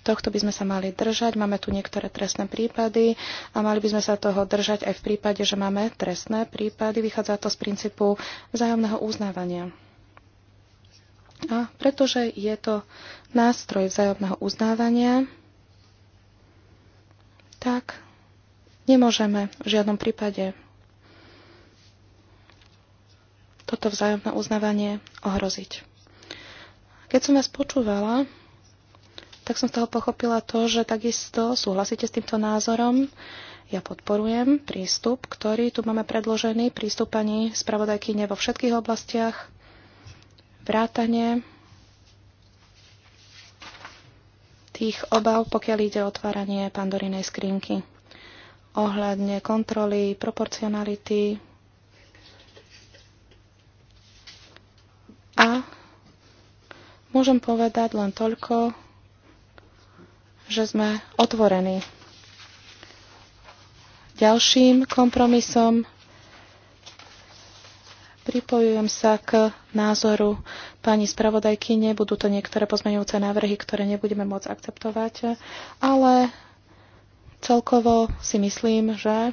Tohto by sme sa mali držať. Máme tu niektoré trestné prípady a mali by sme sa toho držať aj v prípade, že máme trestné prípady. Vychádza to z princípu vzájomného uznávania. A pretože je to nástroj vzájomného uznávania, tak nemôžeme v žiadnom prípade toto vzájomné uznávanie ohroziť. Keď som vás počúvala, tak som z toho pochopila to, že takisto súhlasíte s týmto názorom. Ja podporujem prístup, ktorý tu máme predložený, prístup pani spravodajkyne vo všetkých oblastiach, vrátane tých obav, pokiaľ ide o otváranie pandorinej skrinky ohľadne kontroly, proporcionality a môžem povedať len toľko, že sme otvorení. Ďalším kompromisom Pripojujem sa k názoru pani spravodajky. Nebudú to niektoré pozmeňujúce návrhy, ktoré nebudeme môcť akceptovať, ale celkovo si myslím, že,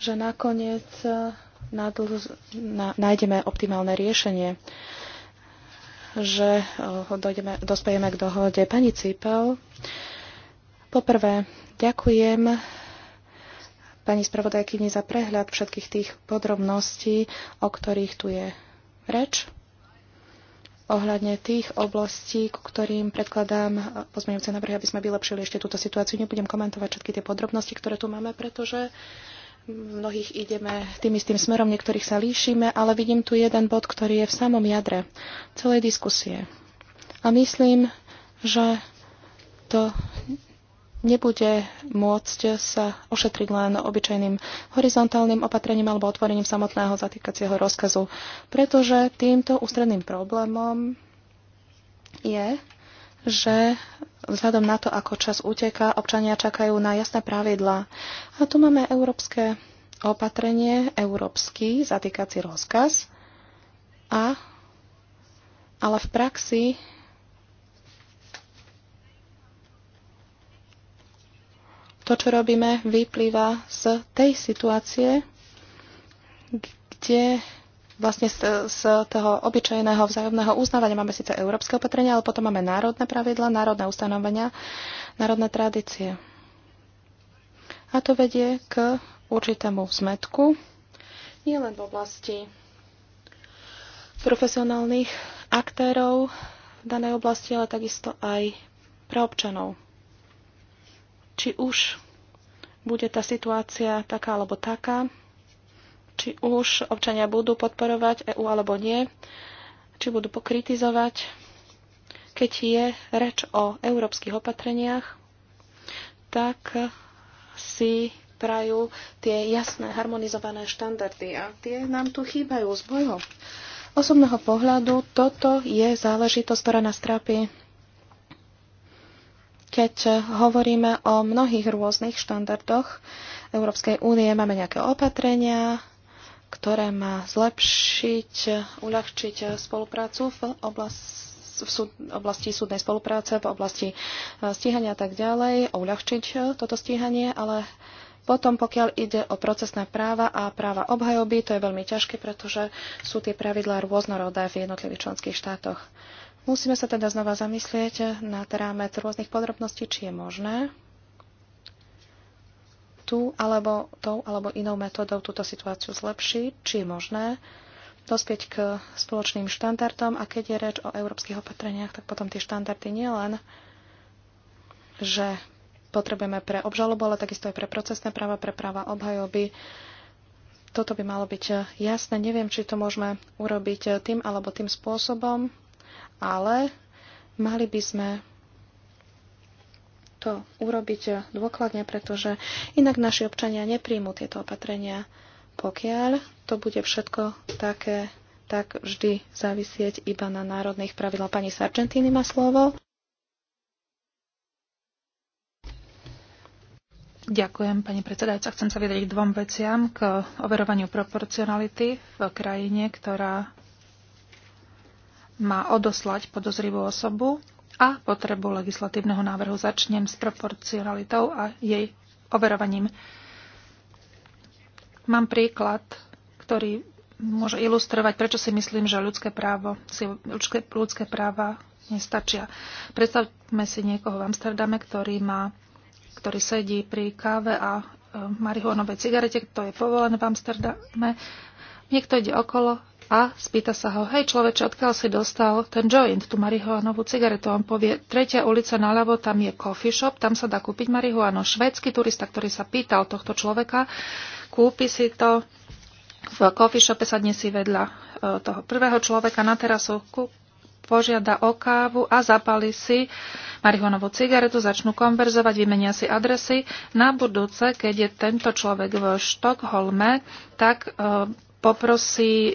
že nakoniec nadl- na- nájdeme optimálne riešenie že eh, dojdeme, dospejeme k dohode. Pani Cipel, poprvé ďakujem pani spravodajkyni za prehľad všetkých tých podrobností, o ktorých tu je reč ohľadne tých oblastí, k ktorým predkladám pozmeňujúce návrhy, aby sme vylepšili ešte túto situáciu. Nebudem komentovať všetky tie podrobnosti, ktoré tu máme, pretože mnohých ideme tým istým smerom, niektorých sa líšime, ale vidím tu jeden bod, ktorý je v samom jadre celej diskusie. A myslím, že to nebude môcť sa ošetriť len obyčajným horizontálnym opatrením alebo otvorením samotného zatýkacieho rozkazu, pretože týmto ústredným problémom je, že vzhľadom na to, ako čas uteká, občania čakajú na jasné pravidlá. A tu máme európske opatrenie, európsky zatýkací rozkaz, a, ale v praxi to, čo robíme, vyplýva z tej situácie, kde vlastne z, z toho obyčajného vzájomného uznávania máme síce európske opatrenia, ale potom máme národné pravidla, národné ustanovenia, národné tradície. A to vedie k určitému zmetku, nielen v oblasti profesionálnych aktérov v danej oblasti, ale takisto aj pre občanov či už bude tá situácia taká alebo taká, či už občania budú podporovať EÚ alebo nie, či budú pokritizovať, keď je reč o európskych opatreniach, tak si prajú tie jasné, harmonizované štandardy a tie nám tu chýbajú z môjho osobného pohľadu. Toto je záležitosť, ktorá nás trápi keď hovoríme o mnohých rôznych štandardoch Európskej únie, máme nejaké opatrenia, ktoré má zlepšiť, uľahčiť spoluprácu v oblasti v súd, oblasti súdnej spolupráce, v oblasti eh, stíhania a tak ďalej, uľahčiť eh, toto stíhanie, ale potom, pokiaľ ide o procesné práva a práva obhajoby, to je veľmi ťažké, pretože sú tie pravidlá rôznorodé v jednotlivých členských štátoch. Musíme sa teda znova zamyslieť na rámec rôznych podrobností, či je možné tú alebo tou alebo inou metodou túto situáciu zlepšiť, či je možné dospieť k spoločným štandardom a keď je reč o európskych opatreniach, tak potom tie štandardy nie len, že potrebujeme pre obžalobu, ale takisto aj pre procesné práva, pre práva obhajoby. Toto by malo byť jasné. Neviem, či to môžeme urobiť tým alebo tým spôsobom ale mali by sme to urobiť dôkladne, pretože inak naši občania nepríjmú tieto opatrenia, pokiaľ to bude všetko také, tak vždy závisieť iba na národných pravidlách. Pani Sargentini má slovo. Ďakujem, pani predsedajúca. Chcem sa vyjadriť k dvom veciam. K overovaniu proporcionality v krajine, ktorá má odoslať podozrivú osobu a potrebu legislatívneho návrhu začnem s proporcionalitou a jej overovaním. Mám príklad, ktorý môže ilustrovať, prečo si myslím, že ľudské, právo, si ľudské, ľudské práva nestačia. Predstavme si niekoho v Amsterdame, ktorý, má, ktorý sedí pri káve a e, marihuanovej cigarete, to je povolené v Amsterdame. Niekto ide okolo a spýta sa ho, hej človeče, odkiaľ si dostal ten joint, tú marihuanovú cigaretu. On povie, tretia ulica naľavo, tam je coffee shop, tam sa dá kúpiť marihuano. Švédsky turista, ktorý sa pýtal tohto človeka, kúpi si to, v coffee shope sa dnes si vedľa e, toho prvého človeka na terasu, požiada o kávu a zapali si marihuanovú cigaretu, začnú konverzovať, vymenia si adresy. Na budúce, keď je tento človek v Štokholme, tak e, poprosí e,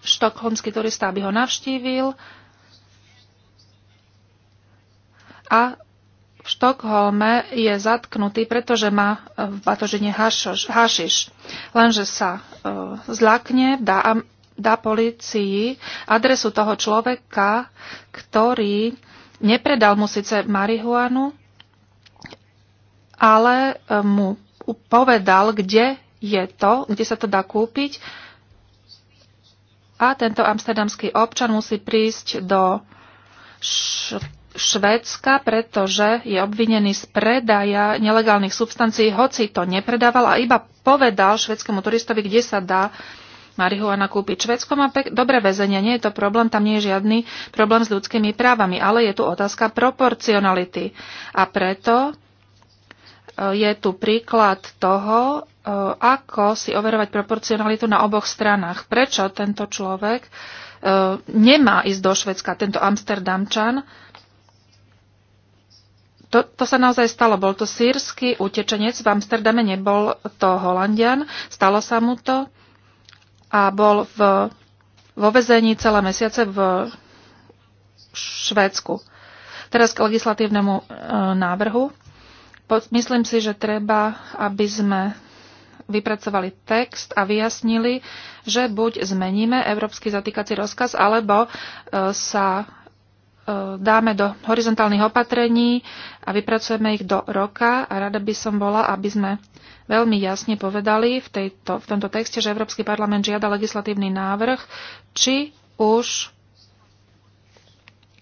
štokholmský turista, aby ho navštívil. A v Štokholme je zatknutý, pretože má v e, batožine hašoš, hašiš. Lenže sa e, zlakne, dá, dá policii adresu toho človeka, ktorý nepredal mu síce marihuanu, ale mu povedal, kde je to, kde sa to dá kúpiť a tento amsterdamský občan musí prísť do Švédska, pretože je obvinený z predaja nelegálnych substancií, hoci to nepredával a iba povedal švedskému turistovi, kde sa dá marihuana kúpiť. Švedsko má pek- dobré väzenie, nie je to problém, tam nie je žiadny problém s ľudskými právami, ale je tu otázka proporcionality. A preto je tu príklad toho, eh, ako si overovať proporcionalitu na oboch stranách. Prečo tento človek eh, nemá ísť do Švedska, tento Amsterdamčan. To, to sa naozaj stalo. Bol to sírsky utečenec, v Amsterdame nebol to Holandian, stalo sa mu to a bol v, vo vezení celé mesiace v Švédsku. Teraz k legislatívnemu e, návrhu. Myslím si, že treba, aby sme vypracovali text a vyjasnili, že buď zmeníme európsky zatýkací rozkaz, alebo e, sa e, dáme do horizontálnych opatrení a vypracujeme ich do roka. A rada by som bola, aby sme veľmi jasne povedali v, tejto, v tomto texte, že Európsky parlament žiada legislatívny návrh, či už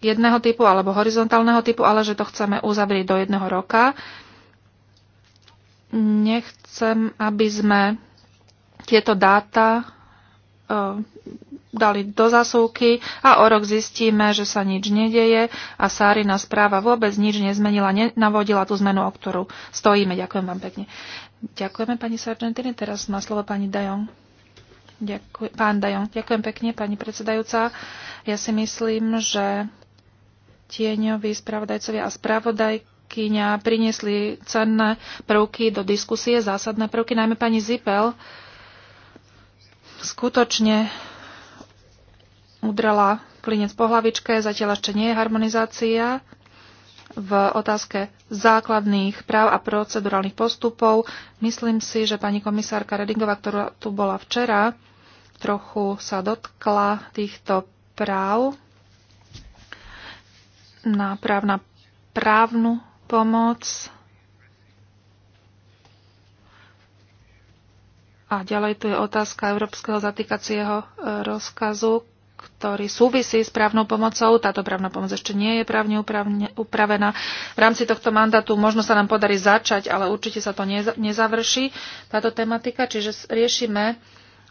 jedného typu alebo horizontálneho typu, ale že to chceme uzavrieť do jedného roka. Nechcem, aby sme tieto dáta e, dali do zasúky a o rok zistíme, že sa nič nedeje a Sárina správa vôbec nič nezmenila, navodila tú zmenu, o ktorú stojíme. Ďakujem vám pekne. Ďakujeme pani Sargentini. Teraz má slovo pani Dajon. Ďakujem, pán Dajon, Ďakujem pekne, pani predsedajúca. Ja si myslím, že tieňoví spravodajcovia a spravodajky spravodajkyňa priniesli cenné prvky do diskusie, zásadné prvky, najmä pani Zipel skutočne udrela klinec po hlavičke, zatiaľ ešte nie je harmonizácia v otázke základných práv a procedurálnych postupov. Myslím si, že pani komisárka Redingová, ktorá tu bola včera, trochu sa dotkla týchto práv na právna právnu pomoc a ďalej tu je otázka Európskeho zatýkacieho e, rozkazu, ktorý súvisí s právnou pomocou. Táto právna pomoc ešte nie je právne upravená. V rámci tohto mandátu možno sa nám podarí začať, ale určite sa to nezavrší, táto tematika. Čiže riešime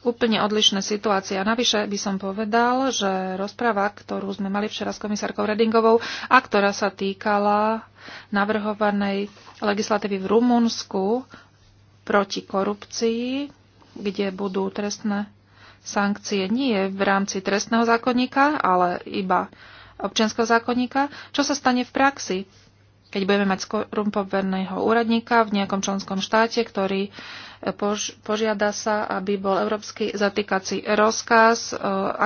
úplne odlišné situácie. A navyše by som povedal, že rozpráva, ktorú sme mali včera s komisárkou Redingovou a ktorá sa týkala navrhovanej legislatívy v Rumunsku proti korupcii, kde budú trestné sankcie nie v rámci trestného zákonníka, ale iba občianského zákonníka. Čo sa stane v praxi? keď budeme mať skorumpovaného úradníka v nejakom členskom štáte, ktorý e, pož- požiada sa, aby bol európsky zatýkací rozkaz e,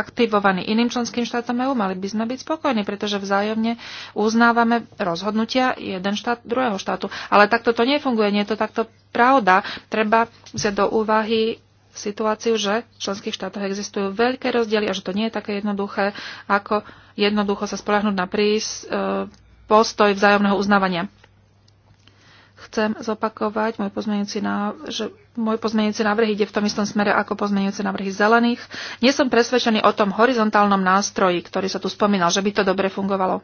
aktivovaný iným členským štátom EU, mali by sme byť spokojní, pretože vzájomne uznávame rozhodnutia jeden štát druhého štátu. Ale takto to nefunguje, nie je to takto pravda. Treba vziať do úvahy situáciu, že v členských štátoch existujú veľké rozdiely a že to nie je také jednoduché, ako jednoducho sa spolahnúť na prís, e, postoj vzájomného uznávania. Chcem zopakovať, môj pozmeňujúci návrh, že môj pozmeňujúci návrh ide v tom istom smere ako pozmeňujúce návrhy zelených. Nie som presvedčený o tom horizontálnom nástroji, ktorý sa tu spomínal, že by to dobre fungovalo.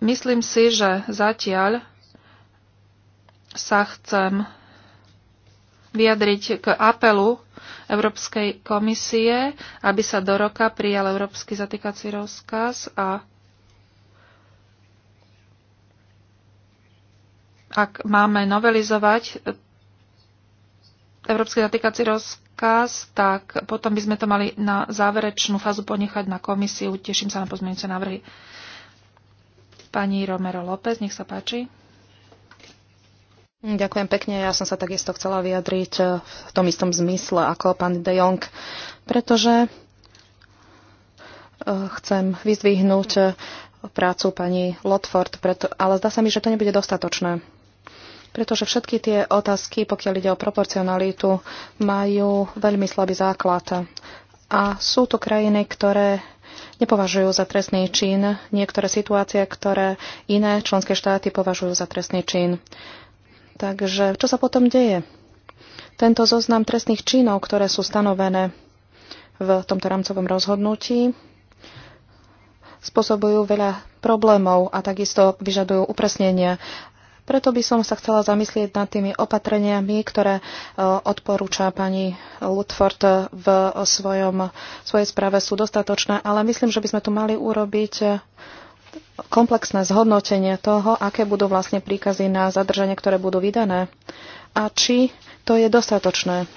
Myslím si, že zatiaľ sa chcem vyjadriť k apelu Európskej komisie, aby sa do roka prijal Európsky zatýkací rozkaz a ak máme novelizovať eh, Európsky zatýkací rozkaz, tak potom by sme to mali na záverečnú fázu ponechať na komisiu. Teším sa na pozmeňujúce návrhy. Pani Romero López, nech sa páči. Ďakujem pekne. Ja som sa takisto chcela vyjadriť eh, v tom istom zmysle ako pán De Jong, pretože eh, chcem vyzdvihnúť prácu pani Lotford, ale zdá sa mi, že to nebude dostatočné pretože všetky tie otázky, pokiaľ ide o proporcionalitu, majú veľmi slabý základ. A sú to krajiny, ktoré nepovažujú za trestný čin niektoré situácie, ktoré iné členské štáty považujú za trestný čin. Takže čo sa potom deje? Tento zoznam trestných činov, ktoré sú stanovené v tomto rámcovom rozhodnutí, spôsobujú veľa problémov a takisto vyžadujú upresnenie preto by som sa chcela zamyslieť nad tými opatreniami, ktoré e, odporúča pani Lutford v svojom, svojej správe sú dostatočné, ale myslím, že by sme tu mali urobiť e, komplexné zhodnotenie toho, aké budú vlastne príkazy na zadržanie, ktoré budú vydané a či to je dostatočné.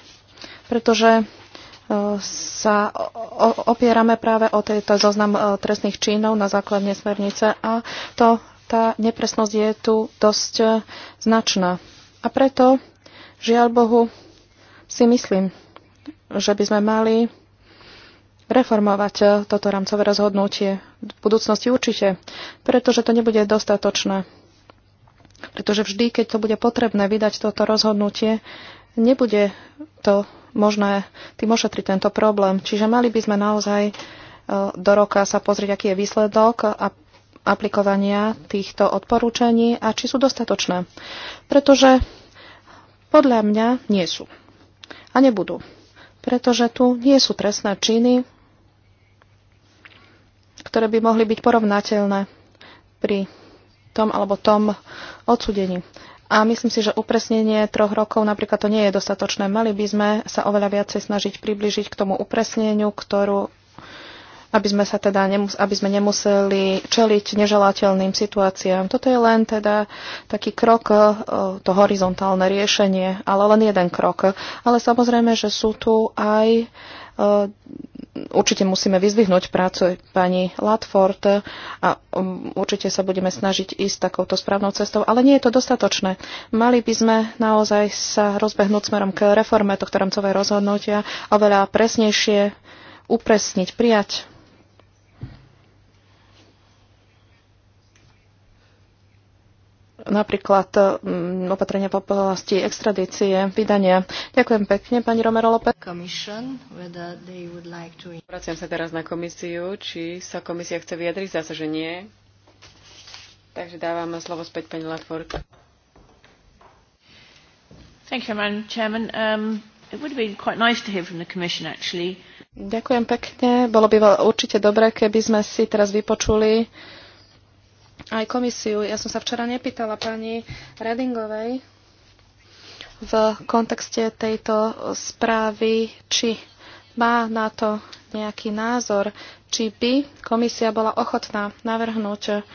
Pretože e, sa opierame práve o tento zoznam trestných činov na základne smernice a to tá nepresnosť je tu dosť eh, značná. A preto, žiaľ Bohu, si myslím, že by sme mali reformovať eh, toto rámcové rozhodnutie v budúcnosti určite, pretože to nebude dostatočné. Pretože vždy, keď to bude potrebné vydať toto rozhodnutie, nebude to možné tým ošetriť tento problém. Čiže mali by sme naozaj eh, do roka sa pozrieť, aký je výsledok a aplikovania týchto odporúčaní a či sú dostatočné. Pretože podľa mňa nie sú. A nebudú. Pretože tu nie sú trestné činy, ktoré by mohli byť porovnateľné pri tom alebo tom odsudení. A myslím si, že upresnenie troch rokov napríklad to nie je dostatočné. Mali by sme sa oveľa viacej snažiť približiť k tomu upresneniu, ktorú, aby sme, sa teda nemus- aby sme nemuseli čeliť neželateľným situáciám. Toto je len teda taký krok, e, to horizontálne riešenie, ale len jeden krok. Ale samozrejme, že sú tu aj e, určite musíme vyzvihnúť prácu pani Latford a um, určite sa budeme snažiť ísť takouto správnou cestou, ale nie je to dostatočné. Mali by sme naozaj sa rozbehnúť smerom k reforme tohto rámcového rozhodnutia oveľa presnejšie upresniť, prijať napríklad um, opatrenia v oblasti extradície, vydania. Ďakujem pekne, pani Romero López. Like to... Vraciam sa teraz na komisiu. Či sa komisia chce vyjadriť? Zase, že nie. Takže dávam slovo späť pani Latvork. Thank you, Madam Chairman. Um, it would quite nice to hear from the Commission, actually. Ďakujem pekne. Bolo by určite dobré, keby sme si teraz vypočuli uh, aj komisiu. Ja som sa včera nepýtala pani Redingovej v kontekste tejto správy, či má na to nejaký názor, či by komisia bola ochotná navrhnúť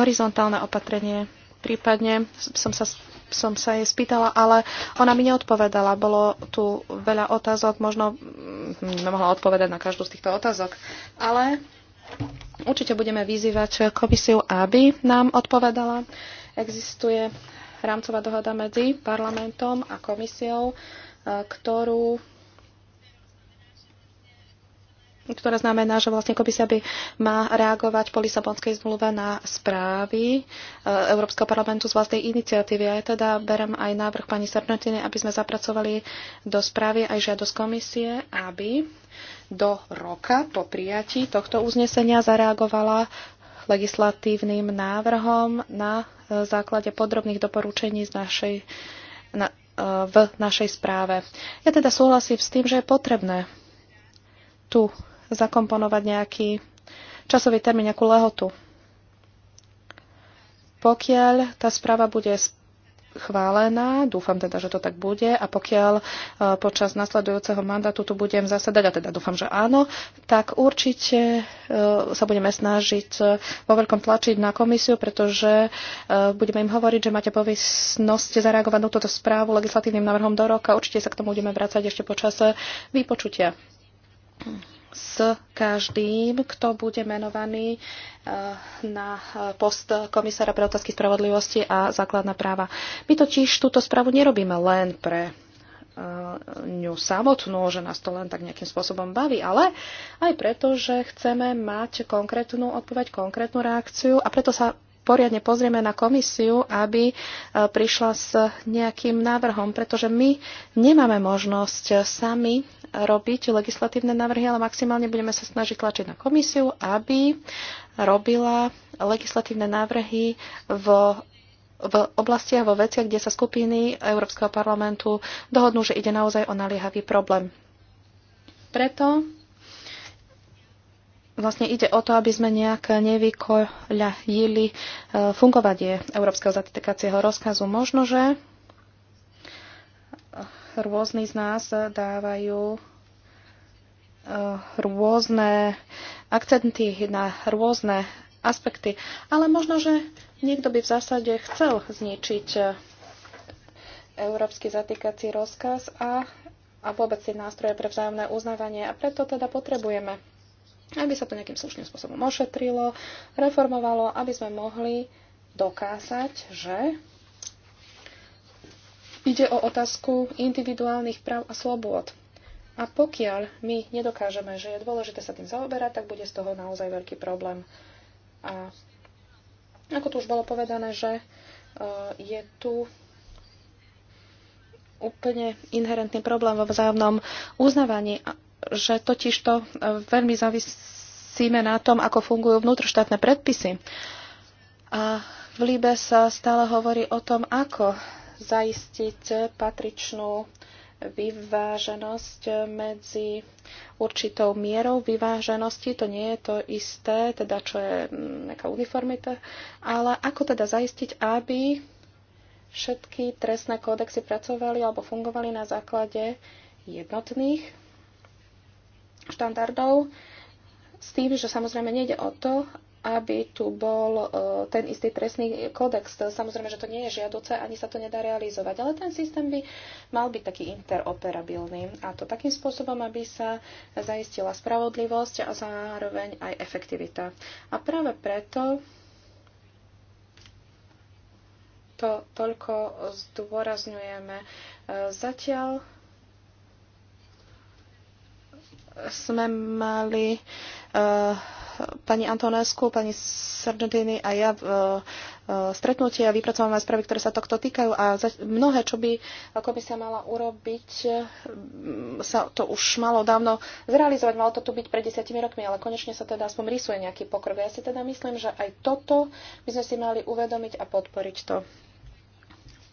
horizontálne opatrenie. Prípadne som sa, som sa jej spýtala, ale ona mi neodpovedala. Bolo tu veľa otázok, možno mm, nemohla odpovedať na každú z týchto otázok. Ale Určite budeme vyzývať komisiu, aby nám odpovedala. Existuje rámcová dohoda medzi parlamentom a komisiou, e, ktorú ktorá znamená, že vlastne komisia by má reagovať po Lisabonskej zmluve na správy e, Európskeho parlamentu z vlastnej iniciatívy. A ja teda berem aj návrh pani Sarnatiny, aby sme zapracovali do správy aj žiadosť komisie, aby do roka po prijatí tohto uznesenia zareagovala legislatívnym návrhom na e, základe podrobných doporúčení z našej, na, e, v našej správe. Ja teda súhlasím s tým, že je potrebné tu zakomponovať nejaký časový termín, nejakú lehotu. Pokiaľ tá správa bude chválená, dúfam teda, že to tak bude a pokiaľ e, počas nasledujúceho mandátu tu budem zasadať, a teda dúfam, že áno, tak určite e, sa budeme snažiť e, vo veľkom tlačiť na komisiu, pretože budeme im hovoriť, že máte povisnosť zareagovať na túto správu legislatívnym návrhom do roka. Určite sa k tomu budeme vrácať ešte počas vypočutia s každým, kto bude menovaný eh, na post komisára pre otázky spravodlivosti a základná práva. My totiž túto správu nerobíme len pre eh, ňu samotnú, že nás to len tak nejakým spôsobom baví, ale aj preto, že chceme mať konkrétnu odpoveď, konkrétnu reakciu a preto sa poriadne pozrieme na komisiu, aby e, prišla s nejakým návrhom, pretože my nemáme možnosť sami robiť legislatívne návrhy, ale maximálne budeme sa snažiť tlačiť na komisiu, aby robila legislatívne návrhy v v oblastiach, vo veciach, kde sa skupiny Európskeho parlamentu dohodnú, že ide naozaj o naliehavý problém. Preto vlastne ide o to, aby sme nejak nevykoľajili e, fungovanie Európskeho zatýkacieho rozkazu. Možno, že rôzni z nás dávajú e, rôzne akcenty na rôzne aspekty, ale možno, že niekto by v zásade chcel zničiť e, európsky zatýkací rozkaz a, a vôbec tie nástroje pre vzájomné uznávanie. A preto teda potrebujeme aby sa to nejakým slušným spôsobom ošetrilo, reformovalo, aby sme mohli dokázať, že ide o otázku individuálnych práv a slobôd. A pokiaľ my nedokážeme, že je dôležité sa tým zaoberať, tak bude z toho naozaj veľký problém. A ako tu už bolo povedané, že e, je tu úplne inherentný problém vo vzájomnom uznávaní že totiž to e, veľmi závisíme na tom, ako fungujú vnútroštátne predpisy. A v Líbe sa stále hovorí o tom, ako zaistiť patričnú vyváženosť medzi určitou mierou vyváženosti. To nie je to isté, teda čo je nejaká uniformita, ale ako teda zaistiť, aby všetky trestné kódexy pracovali alebo fungovali na základe jednotných štandardov s tým, že samozrejme nejde o to, aby tu bol e, ten istý trestný kódex. Samozrejme, že to nie je žiaduce, ani sa to nedá realizovať, ale ten systém by mal byť taký interoperabilný. A to takým spôsobom, aby sa zaistila spravodlivosť a zároveň aj efektivita. A práve preto to toľko zdôrazňujeme. E, zatiaľ sme mali eh, pani Antonesku, pani Sargentini a ja eh, eh, stretnutie a vypracovávame správy, ktoré sa tohto týkajú a za, mnohé, čo by ako by sa mala urobiť, sa to už malo dávno zrealizovať. Malo to tu byť pred desiatimi rokmi, ale konečne sa teda aspoň rysuje nejaký pokrok. Ja si teda myslím, že aj toto by sme si mali uvedomiť a podporiť to.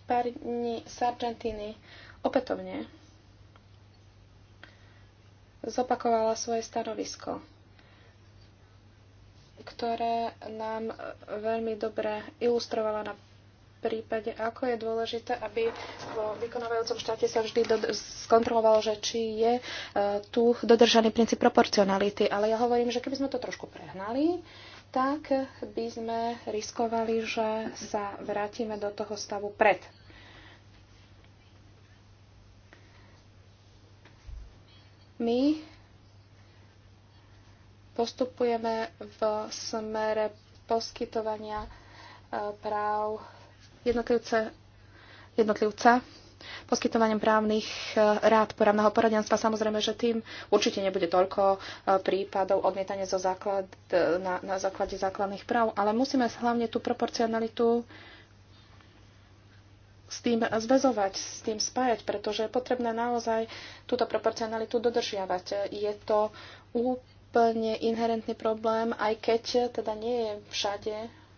Pani Sargentini, opätovne zopakovala svoje stanovisko, ktoré nám veľmi dobre ilustrovala na prípade, ako je dôležité, aby vo vykonávajúcom štáte sa vždy skontrolovalo, že či je e, tu dodržaný princíp proporcionality. Ale ja hovorím, že keby sme to trošku prehnali, tak by sme riskovali, že sa vrátime do toho stavu pred My postupujeme v smere poskytovania e, práv jednotlivce, jednotlivca poskytovaním právnych e, rád poradného poradenstva. Samozrejme, že tým určite nebude toľko e, prípadov odmietania zo základ, na, na základe základných práv, ale musíme hlavne tú proporcionalitu s tým zväzovať, s tým spájať, pretože je potrebné naozaj túto proporcionalitu dodržiavať. Je to úplne inherentný problém, aj keď teda nie je všade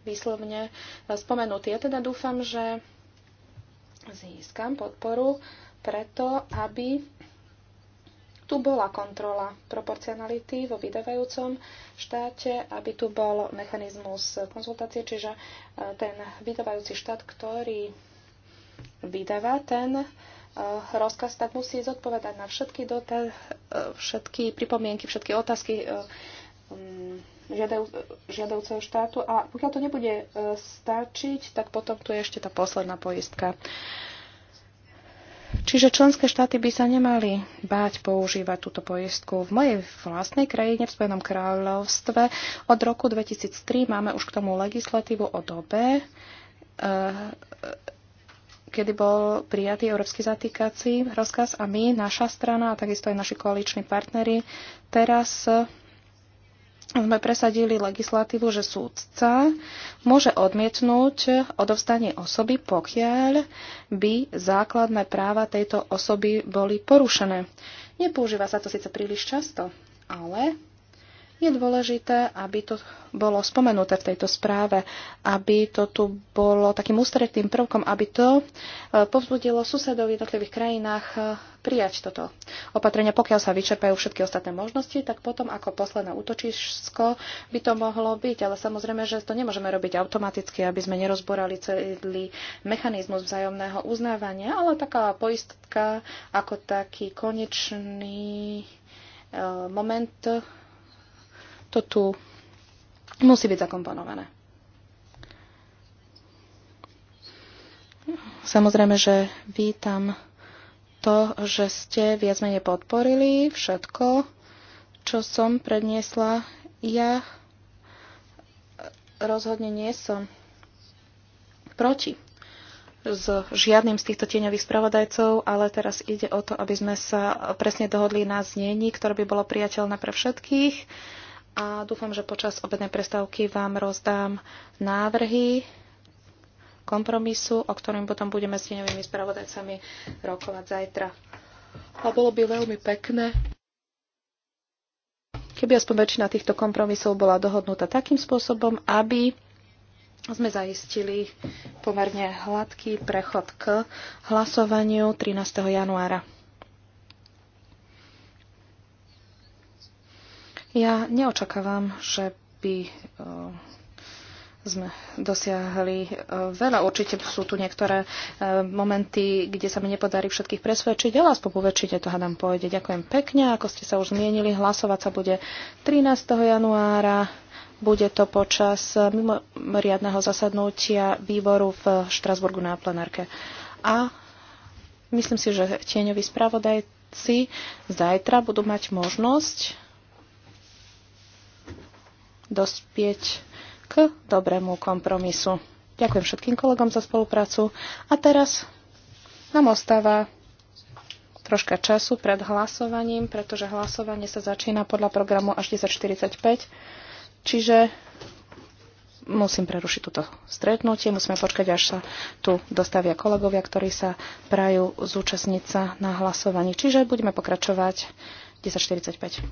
výslovne spomenutý. Ja teda dúfam, že získam podporu preto, aby tu bola kontrola proporcionality vo vydávajúcom štáte, aby tu bol mechanizmus konzultácie, čiže eh, ten vydávajúci štát, ktorý vydáva, ten eh, rozkaz tak musí zodpovedať na všetky, dotaz, eh, všetky pripomienky, všetky otázky žiadajú, eh, mm, žiadajúceho štátu a pokiaľ to nebude stačiť, tak potom tu je ešte tá posledná poistka. Čiže členské štáty by sa nemali báť používať túto poistku. V mojej vlastnej krajine, v Spojenom kráľovstve, od roku 2003 máme už k tomu legislatívu o dobe, kedy bol prijatý európsky zatýkací rozkaz a my, naša strana a takisto aj naši koaliční partnery, teraz eh, sme presadili legislatívu, že súdca môže odmietnúť odovzdanie osoby, pokiaľ by základné práva tejto osoby boli porušené. Nepoužíva sa to síce príliš často, ale je dôležité, aby to bolo spomenuté v tejto správe, aby to tu bolo takým ústretným prvkom, aby to e, povzbudilo susedov v jednotlivých krajinách e, prijať toto opatrenie. Pokiaľ sa vyčerpajú všetky ostatné možnosti, tak potom ako posledné útočisko by to mohlo byť. Ale samozrejme, že to nemôžeme robiť automaticky, aby sme nerozborali celý mechanizmus vzájomného uznávania, ale taká poistka ako taký konečný e, moment to tu musí byť zakomponované. Samozrejme, že vítam to, že ste viac menej podporili všetko, čo som predniesla. Ja rozhodne nie som proti s žiadnym z týchto tieňových spravodajcov, ale teraz ide o to, aby sme sa presne dohodli na znení, ktoré by bolo priateľné pre všetkých a dúfam, že počas obednej prestávky vám rozdám návrhy kompromisu, o ktorým potom budeme s tieňovými spravodajcami rokovať zajtra. A bolo by veľmi pekné, keby aspoň väčšina týchto kompromisov bola dohodnutá takým spôsobom, aby sme zaistili pomerne hladký prechod k hlasovaniu 13. januára. Ja neočakávam, že by e, sme dosiahli e, veľa. Určite sú tu niektoré e, momenty, kde sa mi nepodarí všetkých presvedčiť, ale aspoň po väčšine to hádam pôjde. Ďakujem pekne, ako ste sa už zmienili, hlasovať sa bude 13. januára. Bude to počas mimoriadného zasadnutia výboru v Štrasburgu na plenárke. A myslím si, že tieňoví spravodajci zajtra budú mať možnosť dospieť k dobrému kompromisu. Ďakujem všetkým kolegom za spoluprácu a teraz nám ostáva troška času pred hlasovaním, pretože hlasovanie sa začína podľa programu až 10.45, čiže musím prerušiť túto stretnutie, musíme počkať, až sa tu dostavia kolegovia, ktorí sa prajú zúčastniť sa na hlasovaní. Čiže budeme pokračovať 10.45.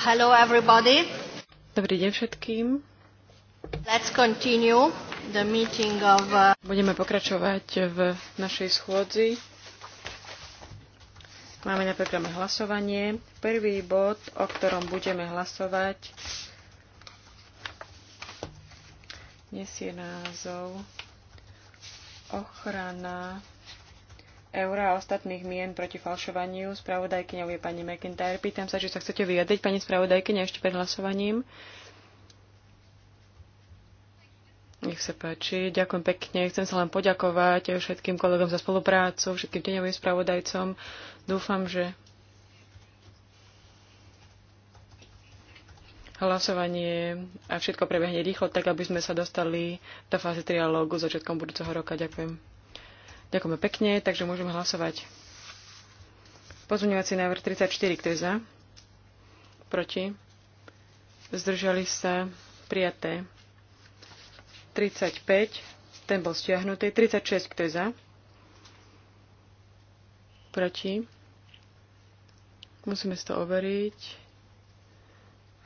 Hello everybody. Dobrý deň všetkým. Let's continue the meeting of... Uh, budeme pokračovať v našej schôdzi. Máme na programe hlasovanie. Prvý bod, o ktorom budeme hlasovať, nesie názov ochrana eur a ostatných mien proti falšovaniu. Spravodajkyňou je pani McIntyre. Pýtam sa, či sa chcete vyjadriť, pani spravodajkyňa, ešte pred hlasovaním. Nech sa páči. Ďakujem pekne. Chcem sa len poďakovať všetkým kolegom za spoluprácu, všetkým deňovým spravodajcom. Dúfam, že hlasovanie a všetko prebehne rýchlo, tak aby sme sa dostali do fázy trialógu začiatkom budúceho roka. Ďakujem. Ďakujeme pekne, takže môžeme hlasovať. Pozmeňovací návrh 34, kto je za? Proti? Zdržali sa prijaté. 35, ten bol stiahnutý. 36, kto je za? Proti? Musíme si to overiť.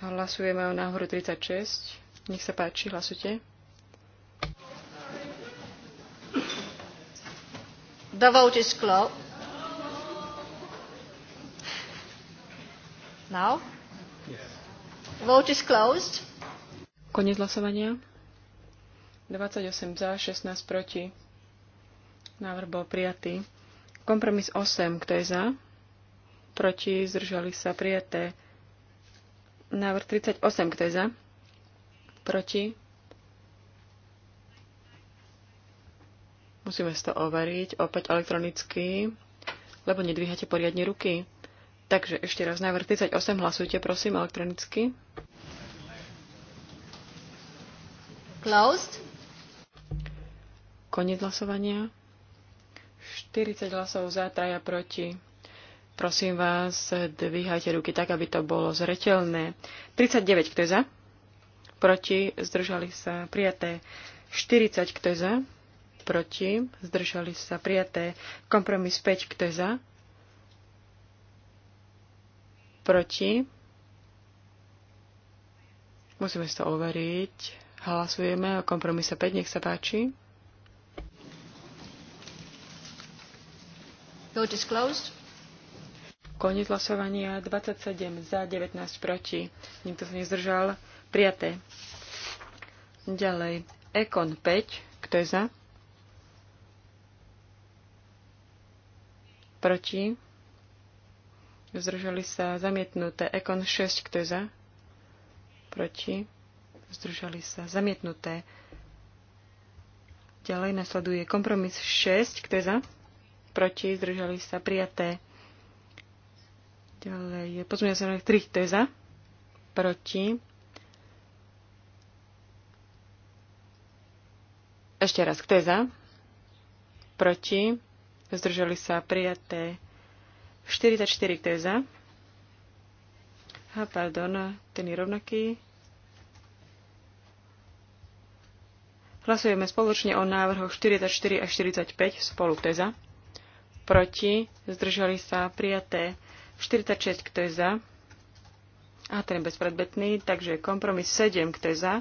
Hlasujeme o náhoru 36. Nech sa páči, hlasujte. The vote is closed. Now? Yes. Vote is closed. Konec hlasovania. 28 za, 16 proti. Návrh bol prijatý. Kompromis 8. Kto je za? Proti. Zdržali sa. Prijaté. Návrh 38. Kto je za? Proti. Musíme si to overiť opäť elektronicky, lebo nedvíhate poriadne ruky. Takže ešte raz návrh 38 hlasujte prosím elektronicky. Closed. Koniec hlasovania. 40 hlasov za, traja proti. Prosím vás, dvíhajte ruky tak, aby to bolo zreteľné. 39, kto je za? Proti, zdržali sa, prijaté. 40, kto je za? proti, zdržali sa prijaté. Kompromis 5, kto je za, proti. Musíme si to overiť. Hlasujeme o kompromise 5, nech sa páči. Koniec hlasovania 27 za, 19 proti. Nikto sa nezdržal. Prijaté. Ďalej. Ekon 5. Kto je za? proti, zdržali sa zamietnuté. Ekon 6, kto je za, proti, zdržali sa zamietnuté. Ďalej nasleduje kompromis 6, kto je za, proti, zdržali sa prijaté. Ďalej je pozmeňovací na 3, kto je za, proti, Ešte raz, kto je za? Proti? zdržali sa prijaté 44, kto je za. A pardon, ten je rovnaký. Hlasujeme spoločne o návrhoch 44 a 45 spolu, kto Proti, zdržali sa prijaté 46, kto je za. A ten je bezpredbetný, takže kompromis 7, kto je za.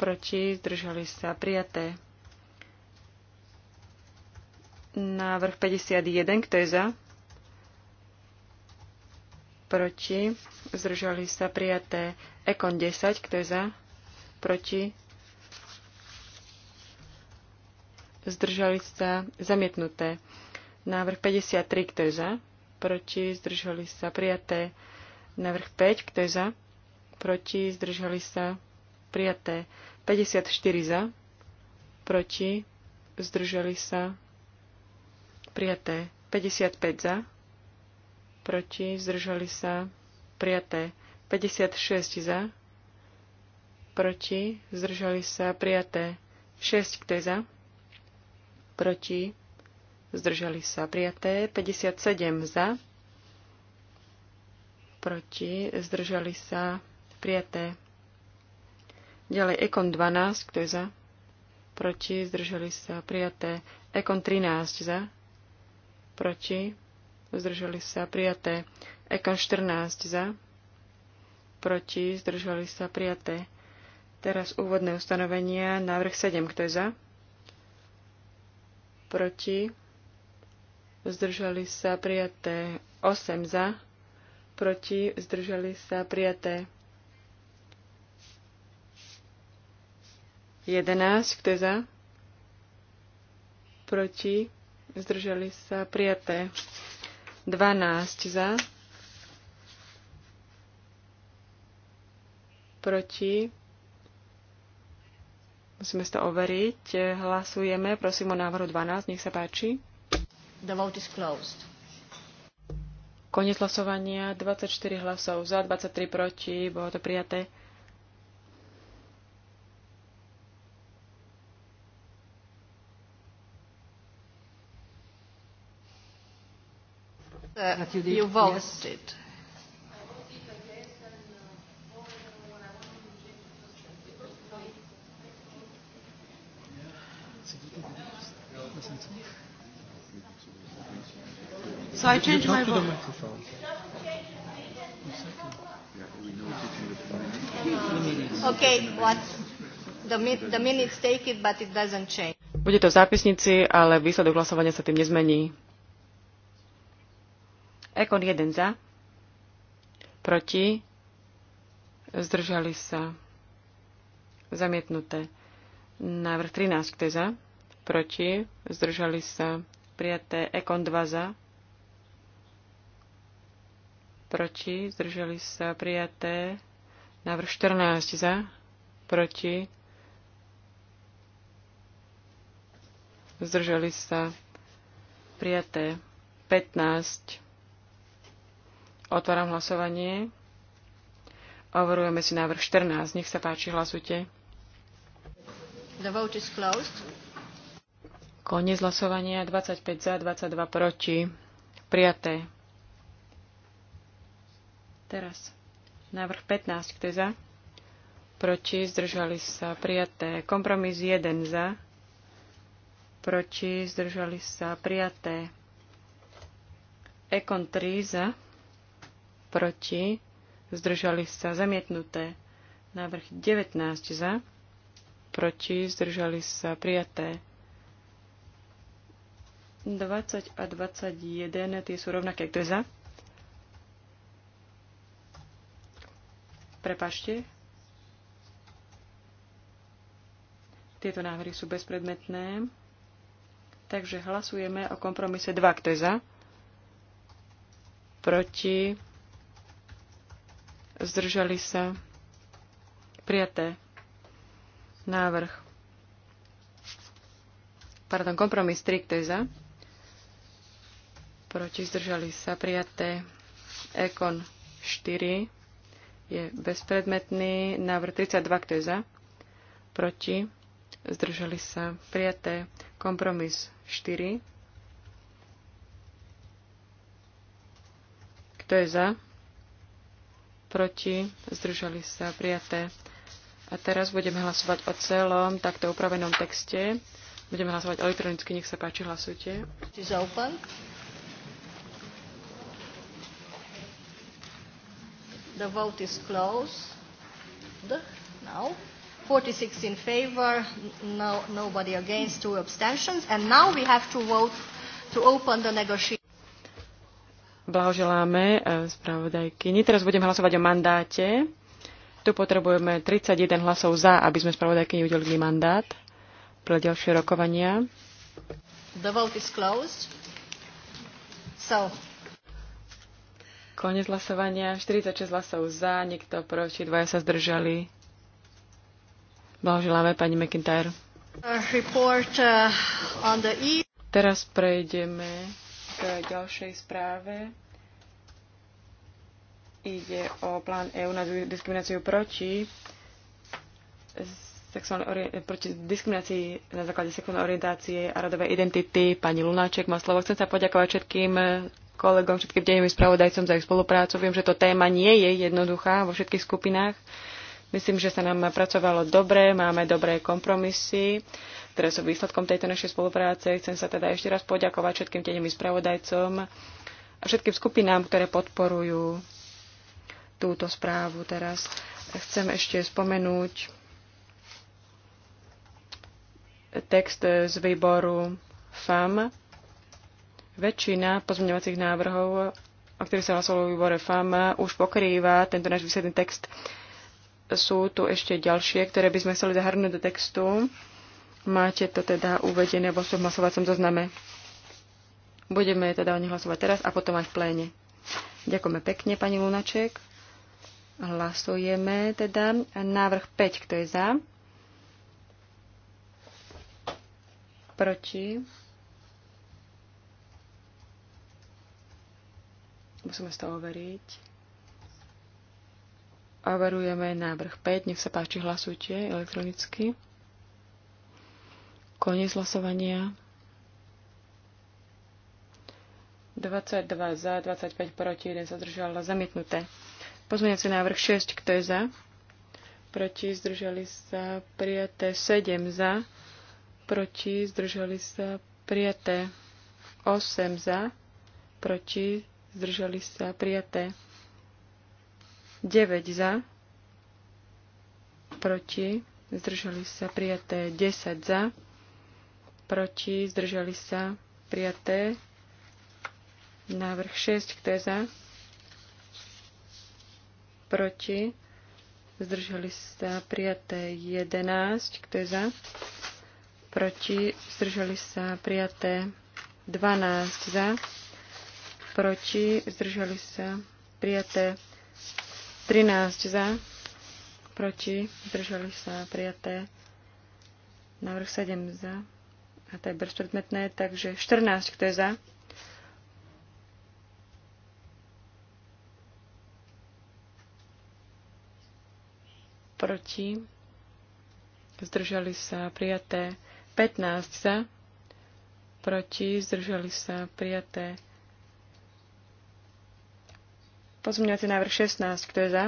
Proti, zdržali sa prijaté Návrh 51, kto je za? Proti. Zdržali sa prijaté. Ekon 10, kto je za? Proti. Zdržali sa zamietnuté. Návrh 53, kto je za? Proti. Zdržali sa prijaté. Návrh 5, kto je za? Proti. Zdržali sa prijaté. 54 za. Proti. Zdržali sa prijaté 55 za, proti zdržali sa prijaté 56 za, proti zdržali sa prijaté 6 kto je za, proti zdržali sa prijaté 57 za, proti zdržali sa prijaté. Ďalej Ekon 12, kto je za? Proti, zdržali sa, prijaté. Ekon 13 za, proti, zdržali sa prijaté. Ekan 14 za, proti, zdržali sa prijaté. Teraz úvodné ustanovenia, návrh 7, kto je za? Proti, zdržali sa prijaté. 8 za, proti, zdržali sa prijaté. 11, kto je za? Proti, zdržali sa prijaté. 12 za, proti, musíme to overiť. Hlasujeme, prosím o návrhu 12, nech sa páči. The vote is closed. Konec hlasovania, 24 hlasov za, 23 proti, bolo to prijaté. that you did? You voted. Yes. Uh, so I changed my vote. Okay, what? The, the minutes take it, but it doesn't change. Bude to v zápisnici, ale výsledok hlasovania sa tým nezmení. Ekon 1 za. Proti. Zdržali sa. Zamietnuté. Návrh 13, kto je za? Proti. Zdržali sa. Prijaté. Ekon 2 za. Proti. Zdržali sa. Prijaté. Návrh 14 za. Proti. Zdržali sa. Prijaté. 15 Otváram hlasovanie. Overujeme si návrh 14. Nech sa páči, hlasujte. The vote is closed. Koniec hlasovania 25 za, 22 proti. Prijaté. Teraz návrh 15. Kto je za? Proti. Zdržali sa. Prijaté. Kompromis 1 za. Proti. Zdržali sa. Prijaté. Ekon 3 za proti, zdržali sa zamietnuté. Návrh 19 za, proti, zdržali sa prijaté. 20 a 21, tie sú rovnaké, kto je za? Prepašte. Tieto návrhy sú bezpredmetné. Takže hlasujeme o kompromise 2, kto je za? Proti zdržali sa, prijaté. Návrh. Pardon, kompromis 3, kto je za? Proti, zdržali sa, prijaté. Ekon 4 je bezpredmetný. Návrh 32, kto je za? Proti, zdržali sa, prijaté. Kompromis 4. Kto je za? proti, zdržali sa, prijaté. A teraz budeme hlasovať o celom takto upravenom texte. Budeme hlasovať elektronicky, nech sa páči, hlasujte. The vote is closed. Now. 46 in favor, no, nobody against, two abstentions. And now we have to vote to open the negotiation. Blahoželáme e, spravodajkyni. Teraz budem hlasovať o mandáte. Tu potrebujeme 31 hlasov za, aby sme spravodajkyni udelili mandát pre ďalšie rokovania. The vote is closed. So. Konec hlasovania. 46 hlasov za, niekto proti, dvaja sa zdržali. Blahoželáme pani McIntyre. Uh, report, uh, on the e- Teraz prejdeme k ďalšej správe. Ide o plán EÚ na diskrimináciu proti proti diskriminácii na základe sexuálnej orientácie a rodovej identity. Pani Lunáček má slovo. Chcem sa poďakovať všetkým kolegom, všetkým deňovým spravodajcom za ich spoluprácu. Viem, že to téma nie je jednoduchá vo všetkých skupinách. Myslím, že sa nám pracovalo dobre, máme dobré kompromisy ktoré sú výsledkom tejto našej spolupráce. Chcem sa teda ešte raz poďakovať všetkým tým spravodajcom a všetkým skupinám, ktoré podporujú túto správu teraz. Chcem ešte spomenúť text z výboru FAM. Väčšina pozmeňovacích návrhov, o ktorých sa hlasovalo v výbore FAM, už pokrýva tento náš výsledný text. Sú tu ešte ďalšie, ktoré by sme chceli zahrnúť do textu. Máte to teda uvedené vo svojom hlasovacom zozname. Budeme teda o nich hlasovať teraz a potom aj v pléne. Ďakujeme pekne, pani Lunaček. Hlasujeme teda návrh 5, kto je za. Proti. Musíme z toho overiť. Overujeme návrh 5. Nech sa páči, hlasujte elektronicky. Koniec hlasovania. 22 za, 25 proti, 1 sa zdržal, zamietnuté. Pozmeňovací návrh 6, kto je za? Proti, zdržali sa, prijaté 7 za, proti, zdržali sa, prijaté 8 za, proti, zdržali sa, prijaté 9 za, proti, zdržali sa, prijaté 10 za, proti, zdržali sa, prijaté. Návrh 6, kto je za, proti, zdržali sa, prijaté 11, kto je za, proti, zdržali sa, prijaté 12 za, proti, zdržali sa, prijaté 13 za, proti, zdržali sa, prijaté návrh 7 za, a to je bezpredmetné, takže 14, kto je za? Proti? Zdržali sa prijaté 15 za. Proti? Zdržali sa prijaté Pozmeňovací návrh 16, kto je za?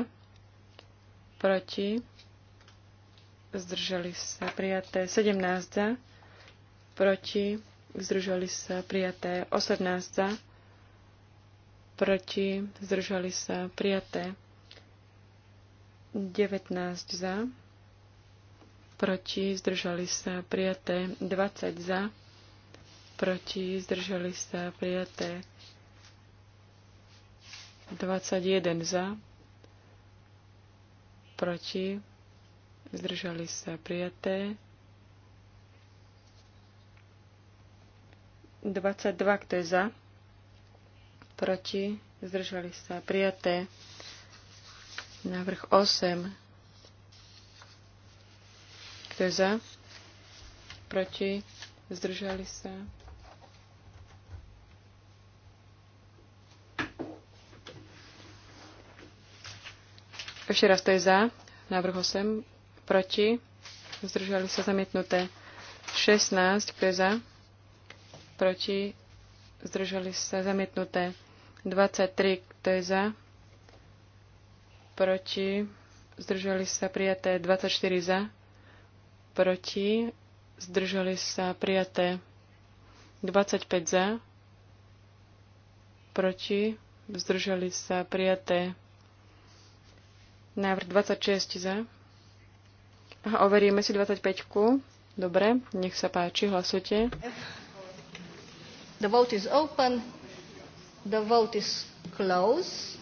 Proti? Zdržali sa prijaté 17 za proti, zdržali sa prijaté 18 za, proti, zdržali sa prijaté 19 za, proti, zdržali sa prijaté 20 za, proti, zdržali sa prijaté 21 za, proti, zdržali sa prijaté 22, kto je za, proti, zdržali sa, prijaté. Návrh 8, kto je za, proti, zdržali sa. Ešte raz to je za, návrh 8, proti, zdržali sa zamietnuté 16, kto je za, proti, zdržali sa zamietnuté 23, kto je za, proti, zdržali sa prijaté 24 za, proti, zdržali sa prijaté 25 za, proti, zdržali sa prijaté návrh 26 za. Aha, overíme si 25. -ku. Dobre, nech sa páči, hlasujte. The vote is open. The vote is closed.